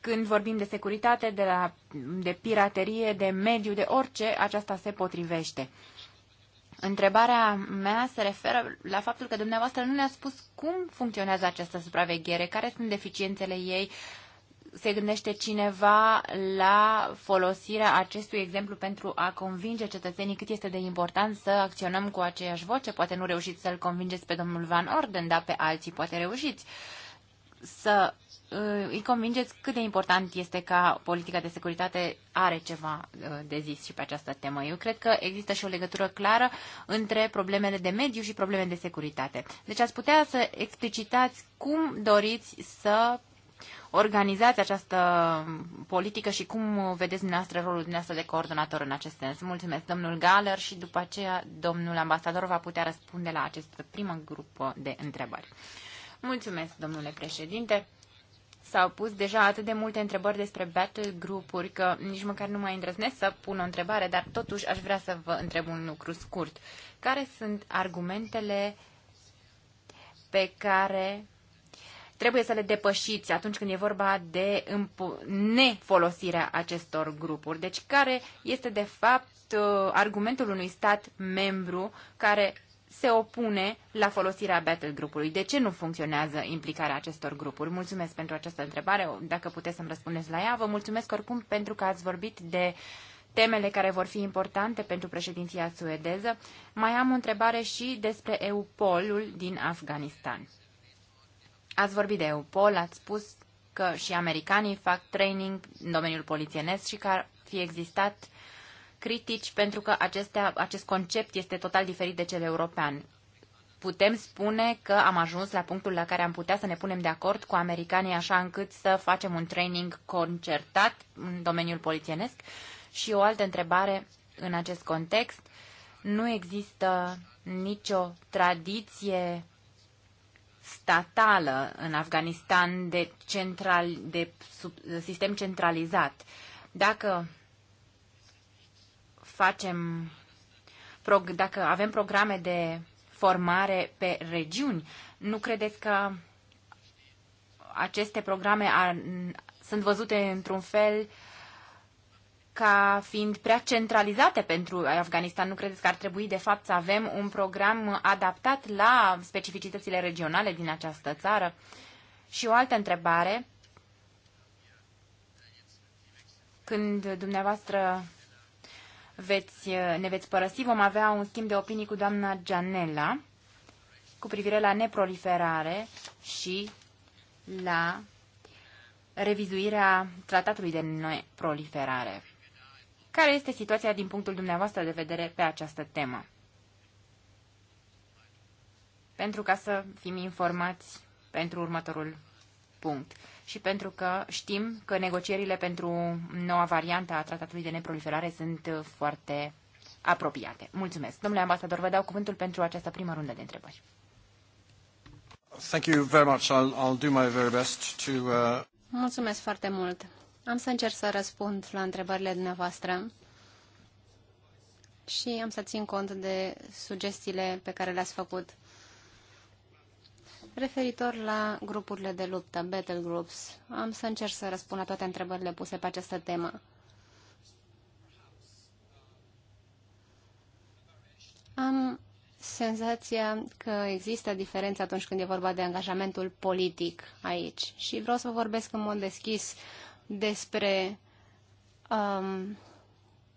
Speaker 1: când vorbim de securitate, de, la, de piraterie, de mediu, de orice, aceasta se potrivește. Întrebarea mea se referă la faptul că dumneavoastră nu ne-a spus cum funcționează această supraveghere, care sunt deficiențele ei, se gândește cineva la folosirea acestui exemplu pentru a convinge cetățenii cât este de important să acționăm cu aceeași voce. Poate nu reușiți să-l convingeți pe domnul Van Orden, dar pe alții poate reușiți să îi convingeți cât de important este ca politica de securitate are ceva uh, de zis și pe această temă. Eu cred că există și o legătură clară între problemele de mediu și problemele de securitate. Deci ați putea să explicitați cum doriți să organizați această politică și cum vedeți dumneavoastră rolul dumneavoastră de coordonator în acest sens. Mulțumesc, domnul Galer, și după aceea domnul ambasador va putea răspunde la acest prim grup de întrebări. Mulțumesc, domnule președinte s-au pus deja atât de multe întrebări despre battle grupuri că nici măcar nu mai îndrăznesc să pun o întrebare, dar totuși aș vrea să vă întreb un lucru scurt. Care sunt argumentele pe care trebuie să le depășiți atunci când e vorba de nefolosirea acestor grupuri? Deci care este de fapt uh, argumentul unui stat membru care se opune la folosirea battle grupului. De ce nu funcționează implicarea acestor grupuri? Mulțumesc pentru această întrebare, dacă puteți să-mi răspundeți la ea. Vă mulțumesc oricum pentru că ați vorbit de temele care vor fi importante pentru președinția suedeză. Mai am o întrebare și despre EUPOL-ul din Afganistan. Ați vorbit de EUPOL, ați spus că și americanii fac training în domeniul polițienesc și că ar fi existat critici pentru că acestea, acest concept este total diferit de cel european. Putem spune că am ajuns la punctul la care am putea să ne punem de acord cu americanii așa încât să facem un training concertat în domeniul polițienesc? Și o altă întrebare în acest context. Nu există nicio tradiție statală în Afganistan de, central, de sub, sistem centralizat. Dacă facem, dacă avem programe de formare pe regiuni, nu credeți că aceste programe ar, sunt văzute într-un fel ca fiind prea centralizate pentru Afganistan. Nu credeți că ar trebui, de fapt, să avem un program adaptat la specificitățile regionale din această țară? Și o altă întrebare. Când dumneavoastră veți, ne veți părăsi. Vom avea un schimb de opinii cu doamna Gianella cu privire la neproliferare și la revizuirea tratatului de neproliferare. Care este situația din punctul dumneavoastră de vedere pe această temă? Pentru ca să fim informați pentru următorul punct și pentru că știm că negocierile pentru noua variantă a tratatului de neproliferare sunt uh, foarte apropiate. Mulțumesc. Domnule ambasador, vă dau cuvântul pentru această primă rundă de întrebări.
Speaker 2: Thank you very much. I'll, I'll do my very best to, uh...
Speaker 3: Mulțumesc foarte mult. Am să încerc să răspund la întrebările dumneavoastră și am să țin cont de sugestiile pe care le-ați făcut. Referitor la grupurile de luptă, battle groups, am să încerc să răspund la toate întrebările puse pe această temă. Am senzația că există diferență atunci când e vorba de angajamentul politic aici. Și vreau să vorbesc în mod deschis despre um,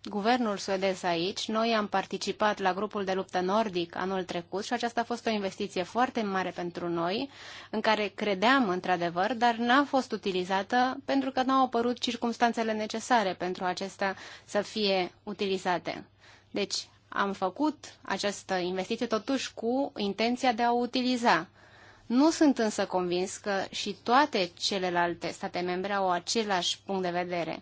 Speaker 3: guvernul suedez aici. Noi am participat la grupul de luptă nordic anul trecut și aceasta a fost o investiție foarte mare pentru noi, în care credeam într-adevăr, dar n-a fost utilizată pentru că n-au apărut circumstanțele necesare pentru acestea să fie utilizate. Deci am făcut această investiție totuși cu intenția de a o utiliza. Nu sunt însă convins că și toate celelalte state membre au același punct de vedere.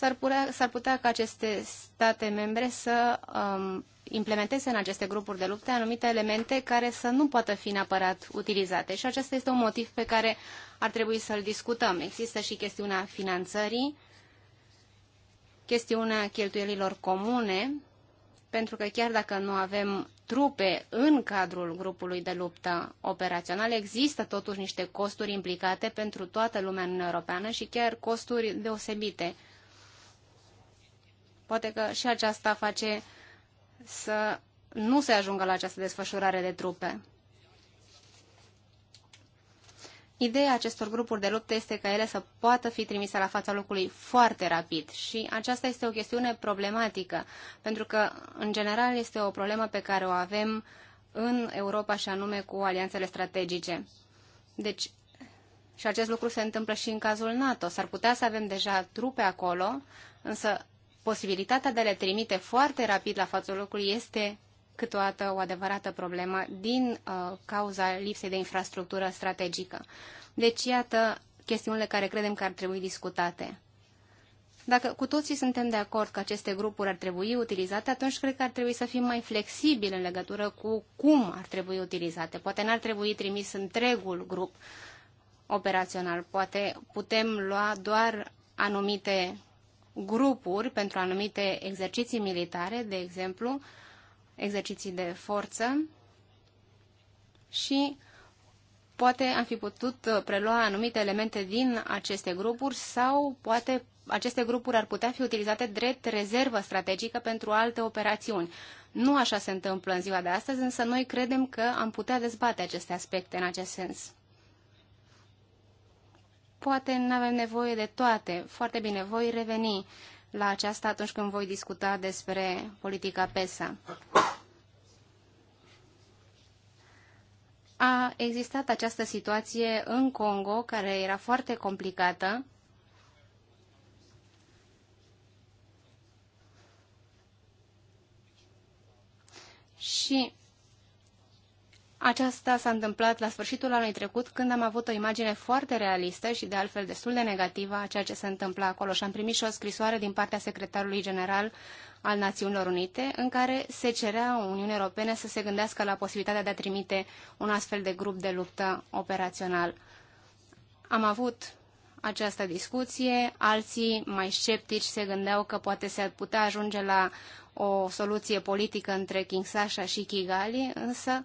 Speaker 3: S-ar putea, s-ar putea ca aceste state membre să um, implementeze în aceste grupuri de lupte anumite elemente care să nu poată fi neapărat utilizate. Și acesta este un motiv pe care ar trebui să-l discutăm. Există și chestiunea finanțării, chestiunea cheltuielilor comune, pentru că chiar dacă nu avem trupe în cadrul grupului de luptă operațional, există totuși niște costuri implicate pentru toată lumea în Europeană și chiar costuri deosebite. Poate că și aceasta face să nu se ajungă la această desfășurare de trupe. Ideea acestor grupuri de luptă este ca ele să poată fi trimise la fața locului foarte rapid și aceasta este o chestiune problematică, pentru că, în general, este o problemă pe care o avem în Europa și anume cu alianțele strategice. Deci, și acest lucru se întâmplă și în cazul NATO. S-ar putea să avem deja trupe acolo, însă posibilitatea de a le trimite foarte rapid la fața locului este câteodată o adevărată problemă din uh, cauza lipsei de infrastructură strategică. Deci, iată chestiunile care credem că ar trebui discutate. Dacă cu toții suntem de acord că aceste grupuri ar trebui utilizate, atunci cred că ar trebui să fim mai flexibili în legătură cu cum ar trebui utilizate. Poate n-ar trebui trimis întregul grup operațional. Poate putem lua doar anumite grupuri pentru anumite exerciții militare, de exemplu, exerciții de forță și poate am fi putut uh, prelua anumite elemente din aceste grupuri sau poate aceste grupuri ar putea fi utilizate drept rezervă strategică pentru alte operațiuni. Nu așa se întâmplă în ziua de astăzi, însă noi credem că am putea dezbate aceste aspecte în acest sens. Poate nu avem nevoie de toate. Foarte bine, voi reveni la aceasta atunci când voi discuta despre politica PESA. A existat această situație în Congo, care era foarte complicată. Și aceasta s-a întâmplat la sfârșitul anului trecut, când am avut o imagine foarte realistă și de altfel destul de negativă a ceea ce se întâmplă acolo și am primit și o scrisoare din partea secretarului general al Națiunilor Unite, în care se cerea Uniunii Europene să se gândească la posibilitatea de a trimite un astfel de grup de luptă operațional. Am avut această discuție, alții mai sceptici se gândeau că poate se putea ajunge la o soluție politică între Kinshasa și Kigali, însă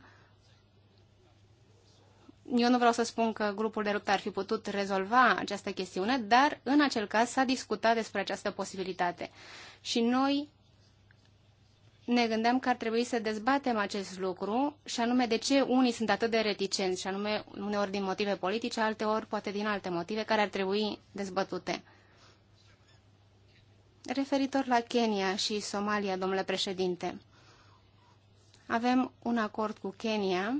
Speaker 3: eu nu vreau să spun că grupul de luptă ar fi putut rezolva această chestiune, dar în acel caz s-a discutat despre această posibilitate. Și noi ne gândeam că ar trebui să dezbatem acest lucru și anume de ce unii sunt atât de reticenți și anume uneori din motive politice, alteori poate din alte motive care ar trebui dezbătute. Referitor la Kenya și Somalia, domnule președinte, avem un acord cu Kenya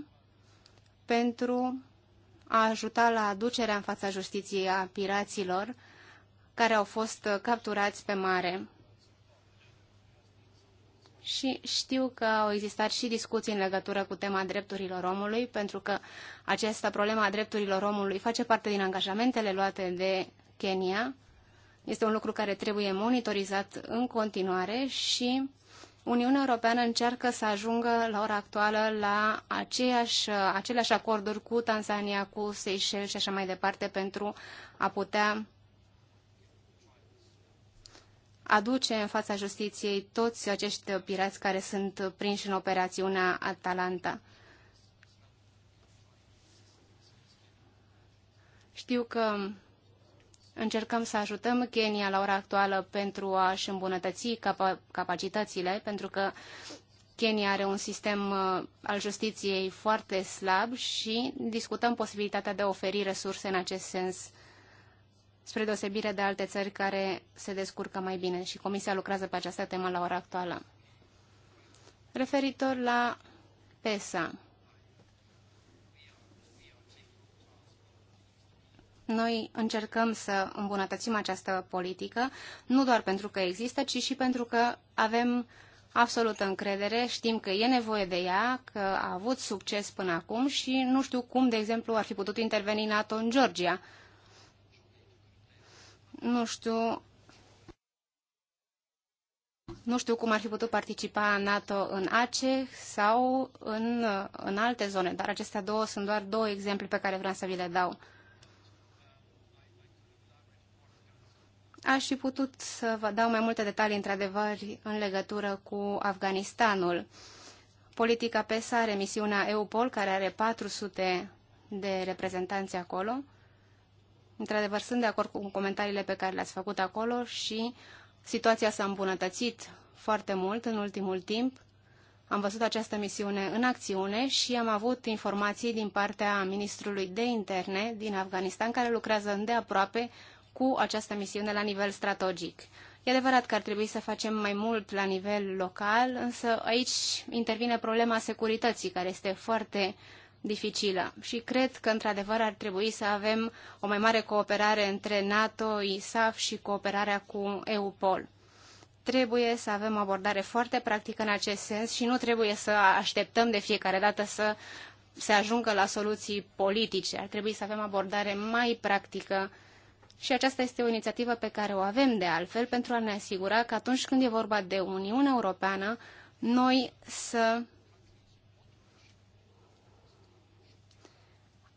Speaker 3: pentru a ajuta la aducerea în fața justiției a piraților care au fost uh, capturați pe mare. Și știu că au existat și discuții în legătură cu tema drepturilor omului, pentru că această problemă a drepturilor omului face parte din angajamentele luate de Kenya. Este un lucru care trebuie monitorizat în continuare și Uniunea Europeană încearcă să ajungă la ora actuală la aceeași, aceleași acorduri cu Tanzania, cu Seychelles și așa mai departe pentru a putea aduce în fața justiției toți acești pirați care sunt prinși în operațiunea Atalanta. Știu că Încercăm să ajutăm Kenya la ora actuală pentru a-și îmbunătăți capacitățile, pentru că Kenya are un sistem uh, al justiției foarte slab și discutăm posibilitatea de a oferi resurse în acest sens, spre deosebire de alte țări care se descurcă mai bine și Comisia lucrează pe această temă la ora actuală. Referitor la PESA, Noi încercăm să îmbunătățim această politică, nu doar pentru că există, ci și pentru că avem absolută încredere, știm că e nevoie de ea, că a avut succes până acum și nu știu cum, de exemplu, ar fi putut interveni NATO în Georgia. Nu știu nu știu cum ar fi putut participa NATO în ACE sau în, în alte zone, dar acestea două sunt doar două exemple pe care vreau să vi le dau. Aș fi putut să vă dau mai multe detalii, într-adevăr, în legătură cu Afganistanul. Politica PESA are misiunea EUPOL, care are 400 de reprezentanți acolo. Într-adevăr, sunt de acord cu comentariile pe care le-ați făcut acolo și situația s-a îmbunătățit foarte mult în ultimul timp. Am văzut această misiune în acțiune și am avut informații din partea ministrului de interne din Afganistan, care lucrează îndeaproape cu această misiune la nivel strategic. E adevărat că ar trebui să facem mai mult la nivel local, însă aici intervine problema securității, care este foarte dificilă. Și cred că, într-adevăr, ar trebui să avem o mai mare cooperare între NATO, ISAF și cooperarea cu EUPOL. Trebuie să avem o abordare foarte practică în acest sens și nu trebuie să așteptăm de fiecare dată să se ajungă la soluții politice. Ar trebui să avem abordare mai practică și aceasta este o inițiativă pe care o avem de altfel pentru a ne asigura că atunci când e vorba de Uniunea Europeană, noi să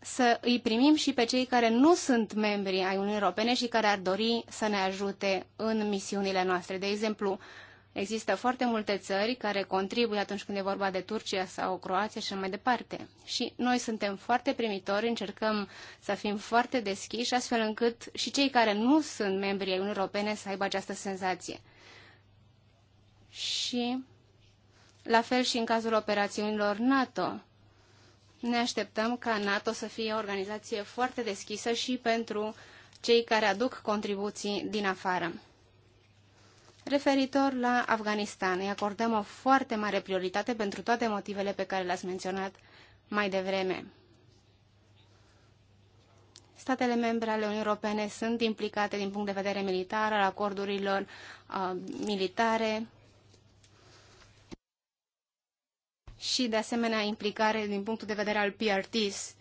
Speaker 3: să îi primim și pe cei care nu sunt membri ai Uniunii Europene și care ar dori să ne ajute în misiunile noastre. De exemplu, Există foarte multe țări care contribuie atunci când e vorba de Turcia sau Croația și mai departe. Și noi suntem foarte primitori, încercăm să fim foarte deschiși, astfel încât și cei care nu sunt membri ai Uniunii Europene să aibă această senzație. Și la fel și în cazul operațiunilor NATO. Ne așteptăm ca NATO să fie o organizație foarte deschisă și pentru cei care aduc contribuții din afară. Referitor la Afganistan, îi acordăm o foarte mare prioritate pentru toate motivele pe care le-ați menționat mai devreme. Statele membre ale Uniunii Europene sunt implicate din punct de vedere militar, al acordurilor uh, militare și, de asemenea, implicare din punctul de vedere al PRTs.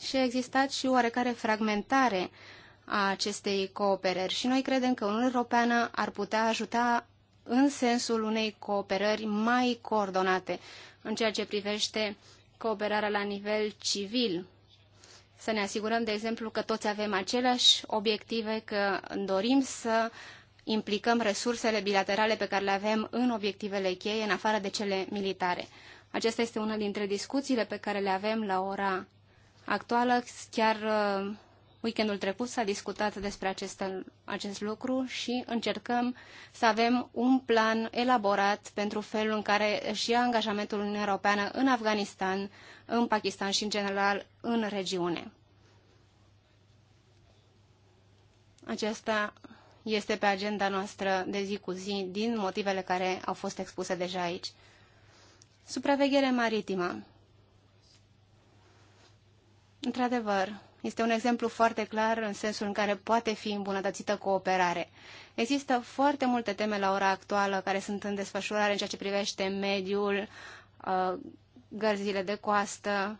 Speaker 3: Și a existat și oarecare fragmentare uh, a acestei cooperări și noi credem că Uniunea Europeană ar putea ajuta în sensul unei cooperări mai coordonate în ceea ce privește cooperarea la nivel civil. Să ne asigurăm, de exemplu, că toți avem aceleași obiective, că dorim să implicăm resursele bilaterale pe care le avem în obiectivele cheie, în afară de cele militare. Aceasta este una dintre discuțiile pe care le avem la ora actuală. Chiar uh, Weekendul trecut s-a discutat despre acest, acest lucru și încercăm să avem un plan elaborat pentru felul în care își ia angajamentul Uniunii Europeană în Afganistan, în Pakistan și, în general, în regiune. Acesta este pe agenda noastră de zi cu zi din motivele care au fost expuse deja aici. Supraveghere maritimă. Într-adevăr, este un exemplu foarte clar în sensul în care poate fi îmbunătățită cooperare. Există foarte multe teme la ora actuală care sunt în desfășurare în ceea ce privește mediul, uh, gărzile de coastă,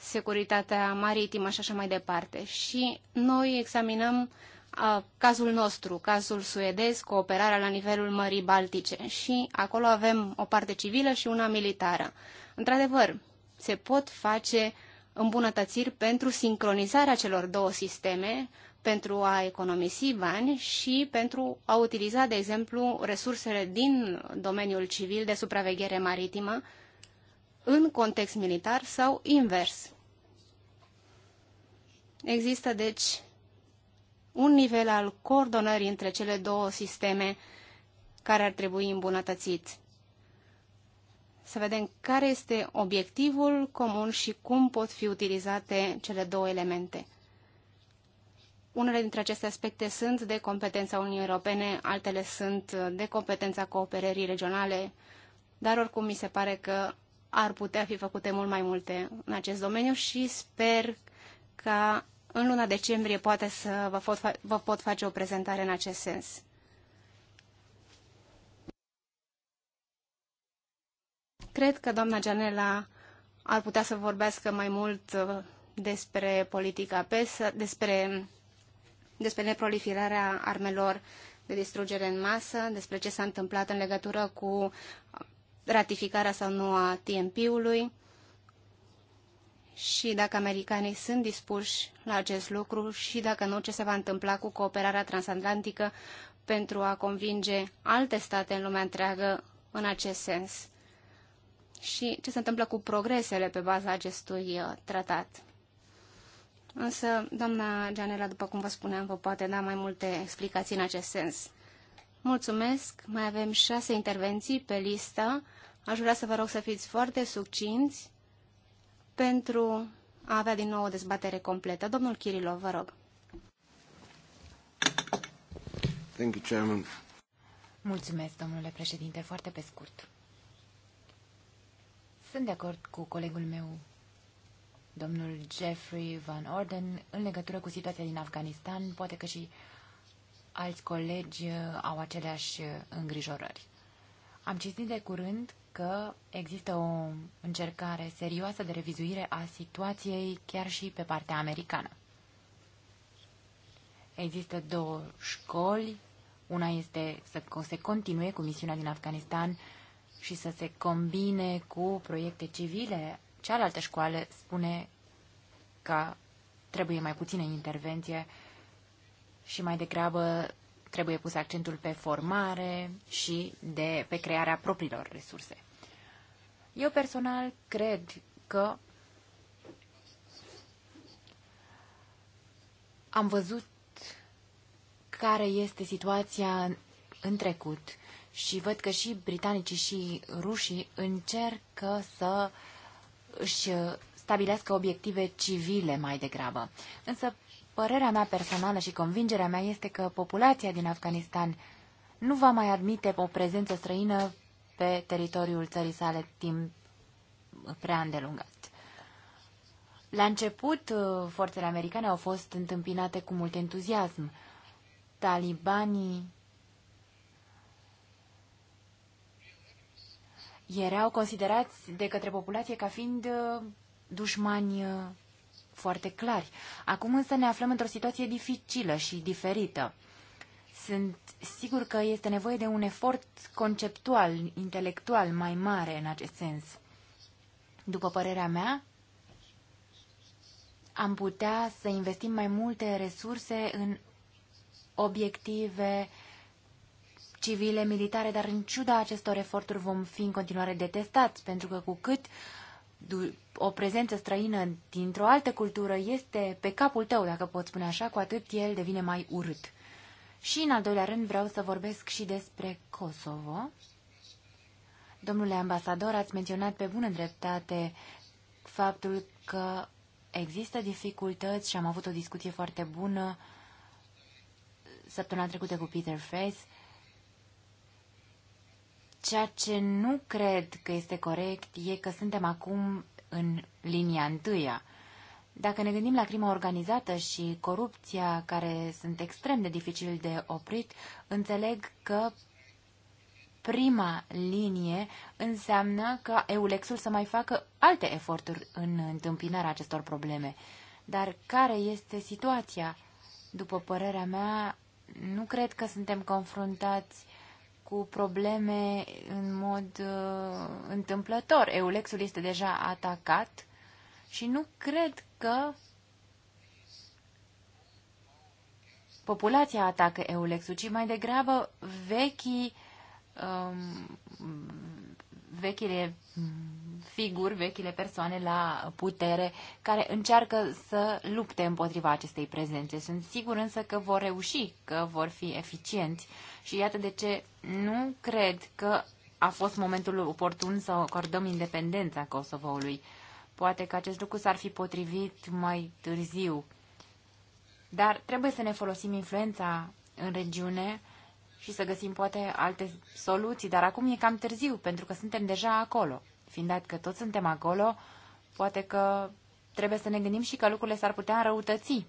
Speaker 3: securitatea maritimă și așa mai departe. Și noi examinăm uh, cazul nostru, cazul suedez, cooperarea la nivelul Mării Baltice și acolo avem o parte civilă și una militară. Într-adevăr, se pot face îmbunătățiri pentru sincronizarea celor două sisteme, pentru a economisi bani și pentru a utiliza, de exemplu, resursele din domeniul civil de supraveghere maritimă în context militar sau invers. Există, deci, un nivel al coordonării între cele două sisteme care ar trebui îmbunătățit să vedem care este obiectivul comun și cum pot fi utilizate cele două elemente. Unele dintre aceste aspecte sunt de competența Uniunii Europene, altele sunt de competența cooperării regionale, dar oricum mi se pare că ar putea fi făcute mult mai multe în acest domeniu și sper ca în luna decembrie poate să vă pot, vă pot face o prezentare în acest sens. Cred că doamna Gianela ar putea să vorbească mai mult uh, despre politica PES, despre, despre neproliferarea armelor de distrugere în masă, despre ce s-a întâmplat în legătură cu ratificarea sau nu a TMP-ului și dacă americanii sunt dispuși la acest lucru și dacă nu, ce se va întâmpla cu cooperarea transatlantică pentru a convinge alte state în lumea întreagă în acest sens și ce se întâmplă cu progresele pe baza acestui uh, tratat. Însă, doamna Gianela, după cum vă spuneam, vă poate da mai multe explicații în acest sens. Mulțumesc, mai avem șase intervenții pe listă. Aș vrea să vă rog să fiți foarte succinți pentru a avea din nou o dezbatere completă. Domnul Kirilov, vă rog.
Speaker 1: Thank you, Chairman. Mulțumesc, domnule președinte, foarte pe scurt. Sunt de acord cu colegul meu, domnul Jeffrey Van Orden, în legătură cu situația din Afganistan. Poate că și alți colegi uh, au aceleași uh, îngrijorări. Am citit de curând că există o încercare serioasă de revizuire a situației chiar și pe partea americană. Există două școli. Una este să se continue cu misiunea din Afganistan și să se combine cu proiecte civile, cealaltă școală spune că trebuie mai puțină intervenție și mai degrabă trebuie pus accentul pe formare și de, pe crearea propriilor resurse. Eu personal cred că am văzut care este situația în, în trecut și văd că și britanicii și rușii încercă să își stabilească obiective civile mai degrabă. Însă părerea mea personală și convingerea mea este că populația din Afganistan nu va mai admite o prezență străină pe teritoriul țării sale timp prea îndelungat. La început, forțele americane au fost întâmpinate cu mult entuziasm. Talibanii erau considerați de către populație ca fiind uh, dușmani uh, foarte clari. Acum însă ne aflăm într-o situație dificilă și diferită. Sunt sigur că este nevoie de un efort conceptual, intelectual mai mare în acest sens. După părerea mea, am putea să investim mai multe resurse în obiective uh, civile, militare, dar în ciuda acestor eforturi vom fi în continuare detestați, pentru că cu cât o prezență străină dintr-o altă cultură este pe capul tău, dacă pot spune așa, cu atât el devine mai urât. Și în al doilea rând vreau să vorbesc și despre Kosovo. Domnule ambasador, ați menționat pe bună dreptate faptul că există dificultăți și am avut o discuție foarte bună săptămâna trecută cu Peter Face Ceea ce nu cred că este corect e că suntem acum în linia întâia. Dacă ne gândim la crima organizată și corupția, care sunt extrem de dificil de oprit, înțeleg că prima linie înseamnă că Eulexul să mai facă alte eforturi în întâmpinarea acestor probleme. Dar care este situația? După părerea mea, nu cred că suntem confruntați cu probleme în mod uh, întâmplător. Eulexul este deja atacat și nu cred că populația atacă Eulexul, ci mai degrabă vechii, um, vechile figuri, vechile persoane la putere, care încearcă să lupte împotriva acestei prezențe. Sunt sigur însă că vor reuși, că vor fi eficienți și iată de ce nu cred că a fost momentul oportun să acordăm independența Kosovoului. Poate că acest lucru s-ar fi potrivit mai târziu. Dar trebuie să ne folosim influența în regiune și să găsim poate alte soluții, dar acum e cam târziu, pentru că suntem deja acolo fiind dat că toți suntem acolo, poate că trebuie să ne gândim și că lucrurile s-ar putea înrăutăți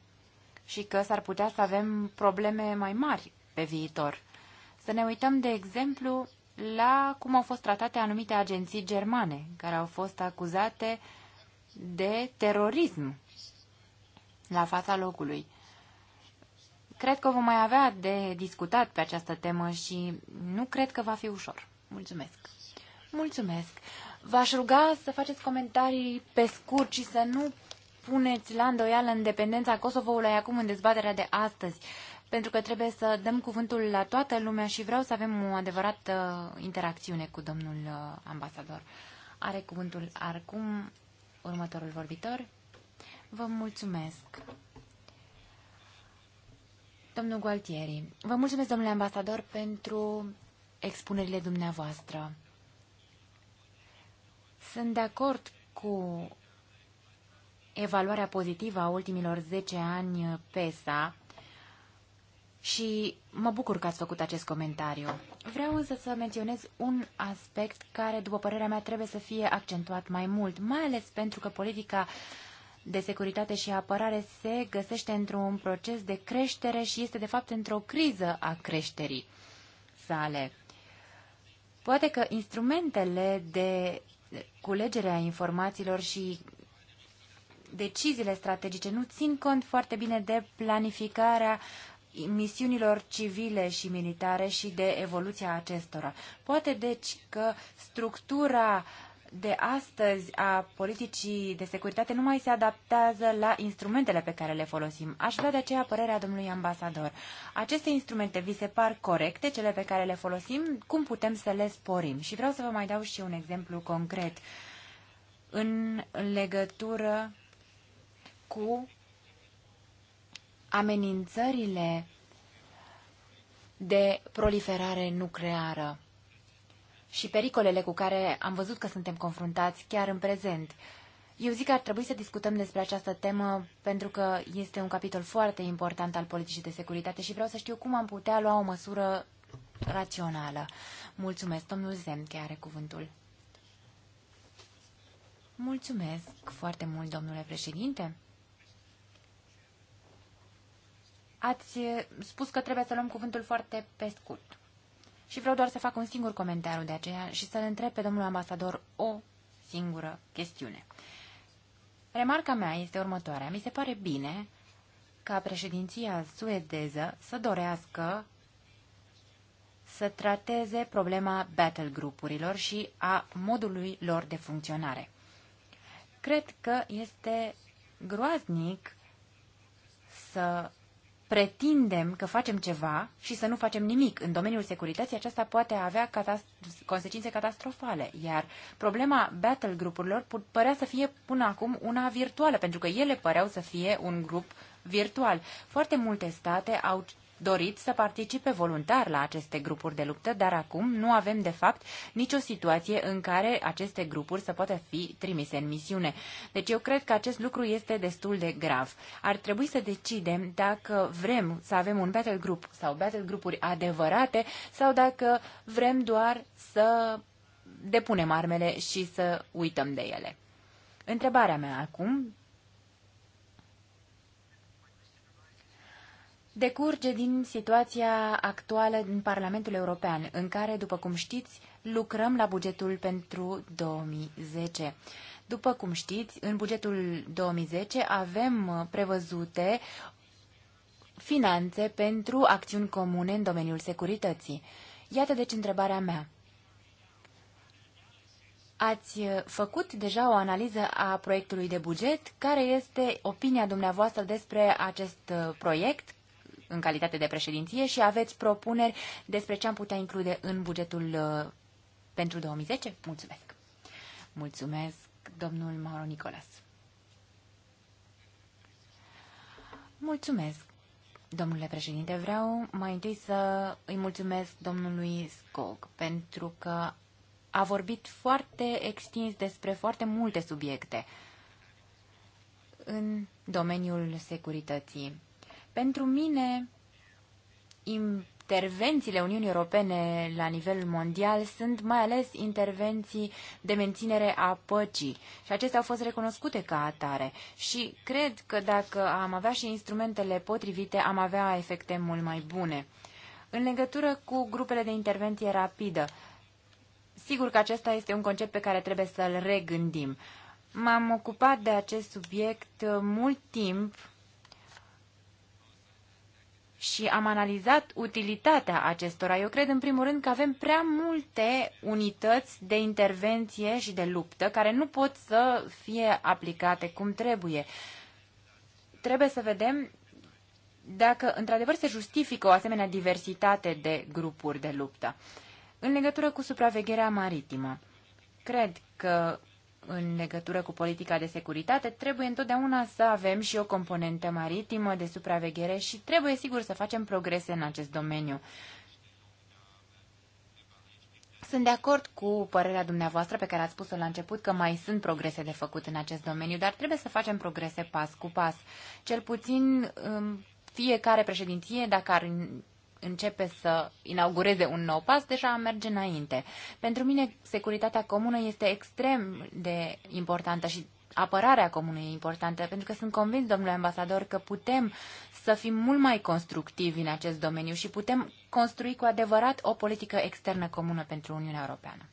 Speaker 1: și că s-ar putea să avem probleme mai mari pe viitor. Să ne uităm, de exemplu, la cum au fost tratate anumite agenții germane, care au fost acuzate de terorism la fața locului. Cred că vom mai avea de discutat pe această temă și nu cred că va fi ușor. Mulțumesc! Mulțumesc! V-aș ruga să faceți comentarii pe scurt și să nu puneți la îndoială independența Kosovoului acum în dezbaterea de astăzi, pentru că trebuie să dăm cuvântul la toată lumea și vreau să avem o adevărată uh, interacțiune cu domnul uh, ambasador. Are cuvântul acum următorul vorbitor. Vă mulțumesc. Domnul Gualtieri, vă mulțumesc, domnule ambasador, pentru expunerile dumneavoastră. Sunt de acord cu evaluarea pozitivă a ultimilor 10 ani uh, PESA și mă bucur că ați făcut acest comentariu. Vreau însă să menționez un aspect care, după părerea mea, trebuie să fie accentuat mai mult, mai ales pentru că politica de securitate și apărare se găsește într-un proces de creștere și este, de fapt, într-o criză a creșterii sale. Poate că instrumentele de culegerea informațiilor și deciziile strategice nu țin cont foarte bine de planificarea misiunilor civile și militare și de evoluția acestora. Poate deci că structura uh, de astăzi a politicii de securitate nu mai se adaptează la instrumentele pe care le folosim. Aș vrea de aceea părerea domnului ambasador. Aceste instrumente vi se par corecte, cele pe care le folosim? Cum putem să le sporim? Și vreau să vă mai dau și un exemplu concret în legătură cu amenințările de proliferare nucleară și pericolele cu care am văzut că suntem confruntați chiar în prezent. Eu zic că ar trebui să discutăm despre această temă pentru că este un capitol foarte important al politicii de securitate și vreau să știu cum am putea lua o măsură rațională. Mulțumesc, domnul Zemche are cuvântul. Mulțumesc foarte mult, domnule președinte. Ați spus că trebuie să luăm cuvântul foarte pe scurt. Și vreau doar să fac un singur comentariu de aceea și să-l întreb pe domnul ambasador o singură chestiune. Remarca mea este următoarea. Mi se pare bine ca președinția suedeză să dorească să trateze problema battle grupurilor și a modului lor de funcționare. Cred că este groaznic să pretindem că facem ceva și să nu facem nimic în domeniul securității, aceasta poate avea catast- consecințe catastrofale. Iar problema battle grupurilor părea să fie până acum una virtuală, pentru că ele păreau să fie un grup virtual. Foarte multe state au dorit să participe voluntar la aceste grupuri de luptă, dar acum nu avem de fapt nicio situație în care aceste grupuri să poată fi trimise în misiune. Deci eu cred că acest lucru este destul de grav. Ar trebui să decidem dacă vrem să avem un battle group sau battle grupuri adevărate sau dacă vrem doar să depunem armele și să uităm de ele. Întrebarea mea acum decurge din situația actuală în Parlamentul European, în care, după cum știți, lucrăm la bugetul pentru 2010. După cum știți, în bugetul 2010 avem uh, prevăzute finanțe pentru acțiuni comune în domeniul securității. Iată deci întrebarea mea. Ați uh, făcut deja o analiză a proiectului de buget. Care este opinia dumneavoastră despre acest uh, proiect? în calitate de președinție și aveți propuneri despre ce am putea include în bugetul uh, pentru 2010? Mulțumesc! Mulțumesc, domnul Mauro Nicolas! Mulțumesc! Domnule președinte, vreau mai întâi să îi mulțumesc domnului Scog pentru că a vorbit foarte extins despre foarte multe subiecte în domeniul securității. Pentru mine, intervențiile Uniunii Europene la nivel mondial sunt mai ales intervenții de menținere a păcii și acestea au fost recunoscute ca atare și cred că dacă am avea și instrumentele potrivite, am avea efecte mult mai bune. În legătură cu grupele de intervenție rapidă, sigur că acesta este un concept pe care trebuie să-l regândim. M-am ocupat de acest subiect mult timp și am analizat utilitatea acestora. Eu cred, în primul rând, că avem prea multe unități de intervenție și de luptă care nu pot să fie aplicate cum trebuie. Trebuie să vedem dacă, într-adevăr, se justifică o asemenea diversitate de grupuri de luptă. În legătură cu supravegherea maritimă, cred că în legătură cu politica de securitate, trebuie întotdeauna să avem și o componentă maritimă de supraveghere și trebuie sigur să facem progrese în acest domeniu. Sunt de acord cu părerea dumneavoastră pe care ați spus-o la început că mai sunt progrese de făcut în acest domeniu, dar trebuie să facem progrese pas cu pas. Cel puțin um, fiecare președinție, dacă ar începe să inaugureze un nou pas, deja merge înainte. Pentru mine, securitatea comună este extrem de importantă și apărarea comună e importantă, pentru că sunt convins, domnule ambasador, că putem să fim mult mai constructivi în acest domeniu și putem construi cu adevărat o politică externă comună pentru Uniunea Europeană.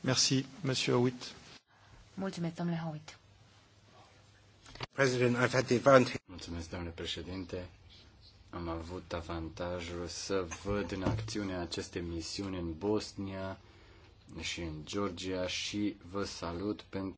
Speaker 2: Merci, Monsieur Howitt.
Speaker 1: Mulțumesc, domnule Howitt.
Speaker 2: Mulțumesc, domnule președinte. Am avut avantajul să văd în acțiune aceste misiuni în Bosnia și în Georgia și vă salut pentru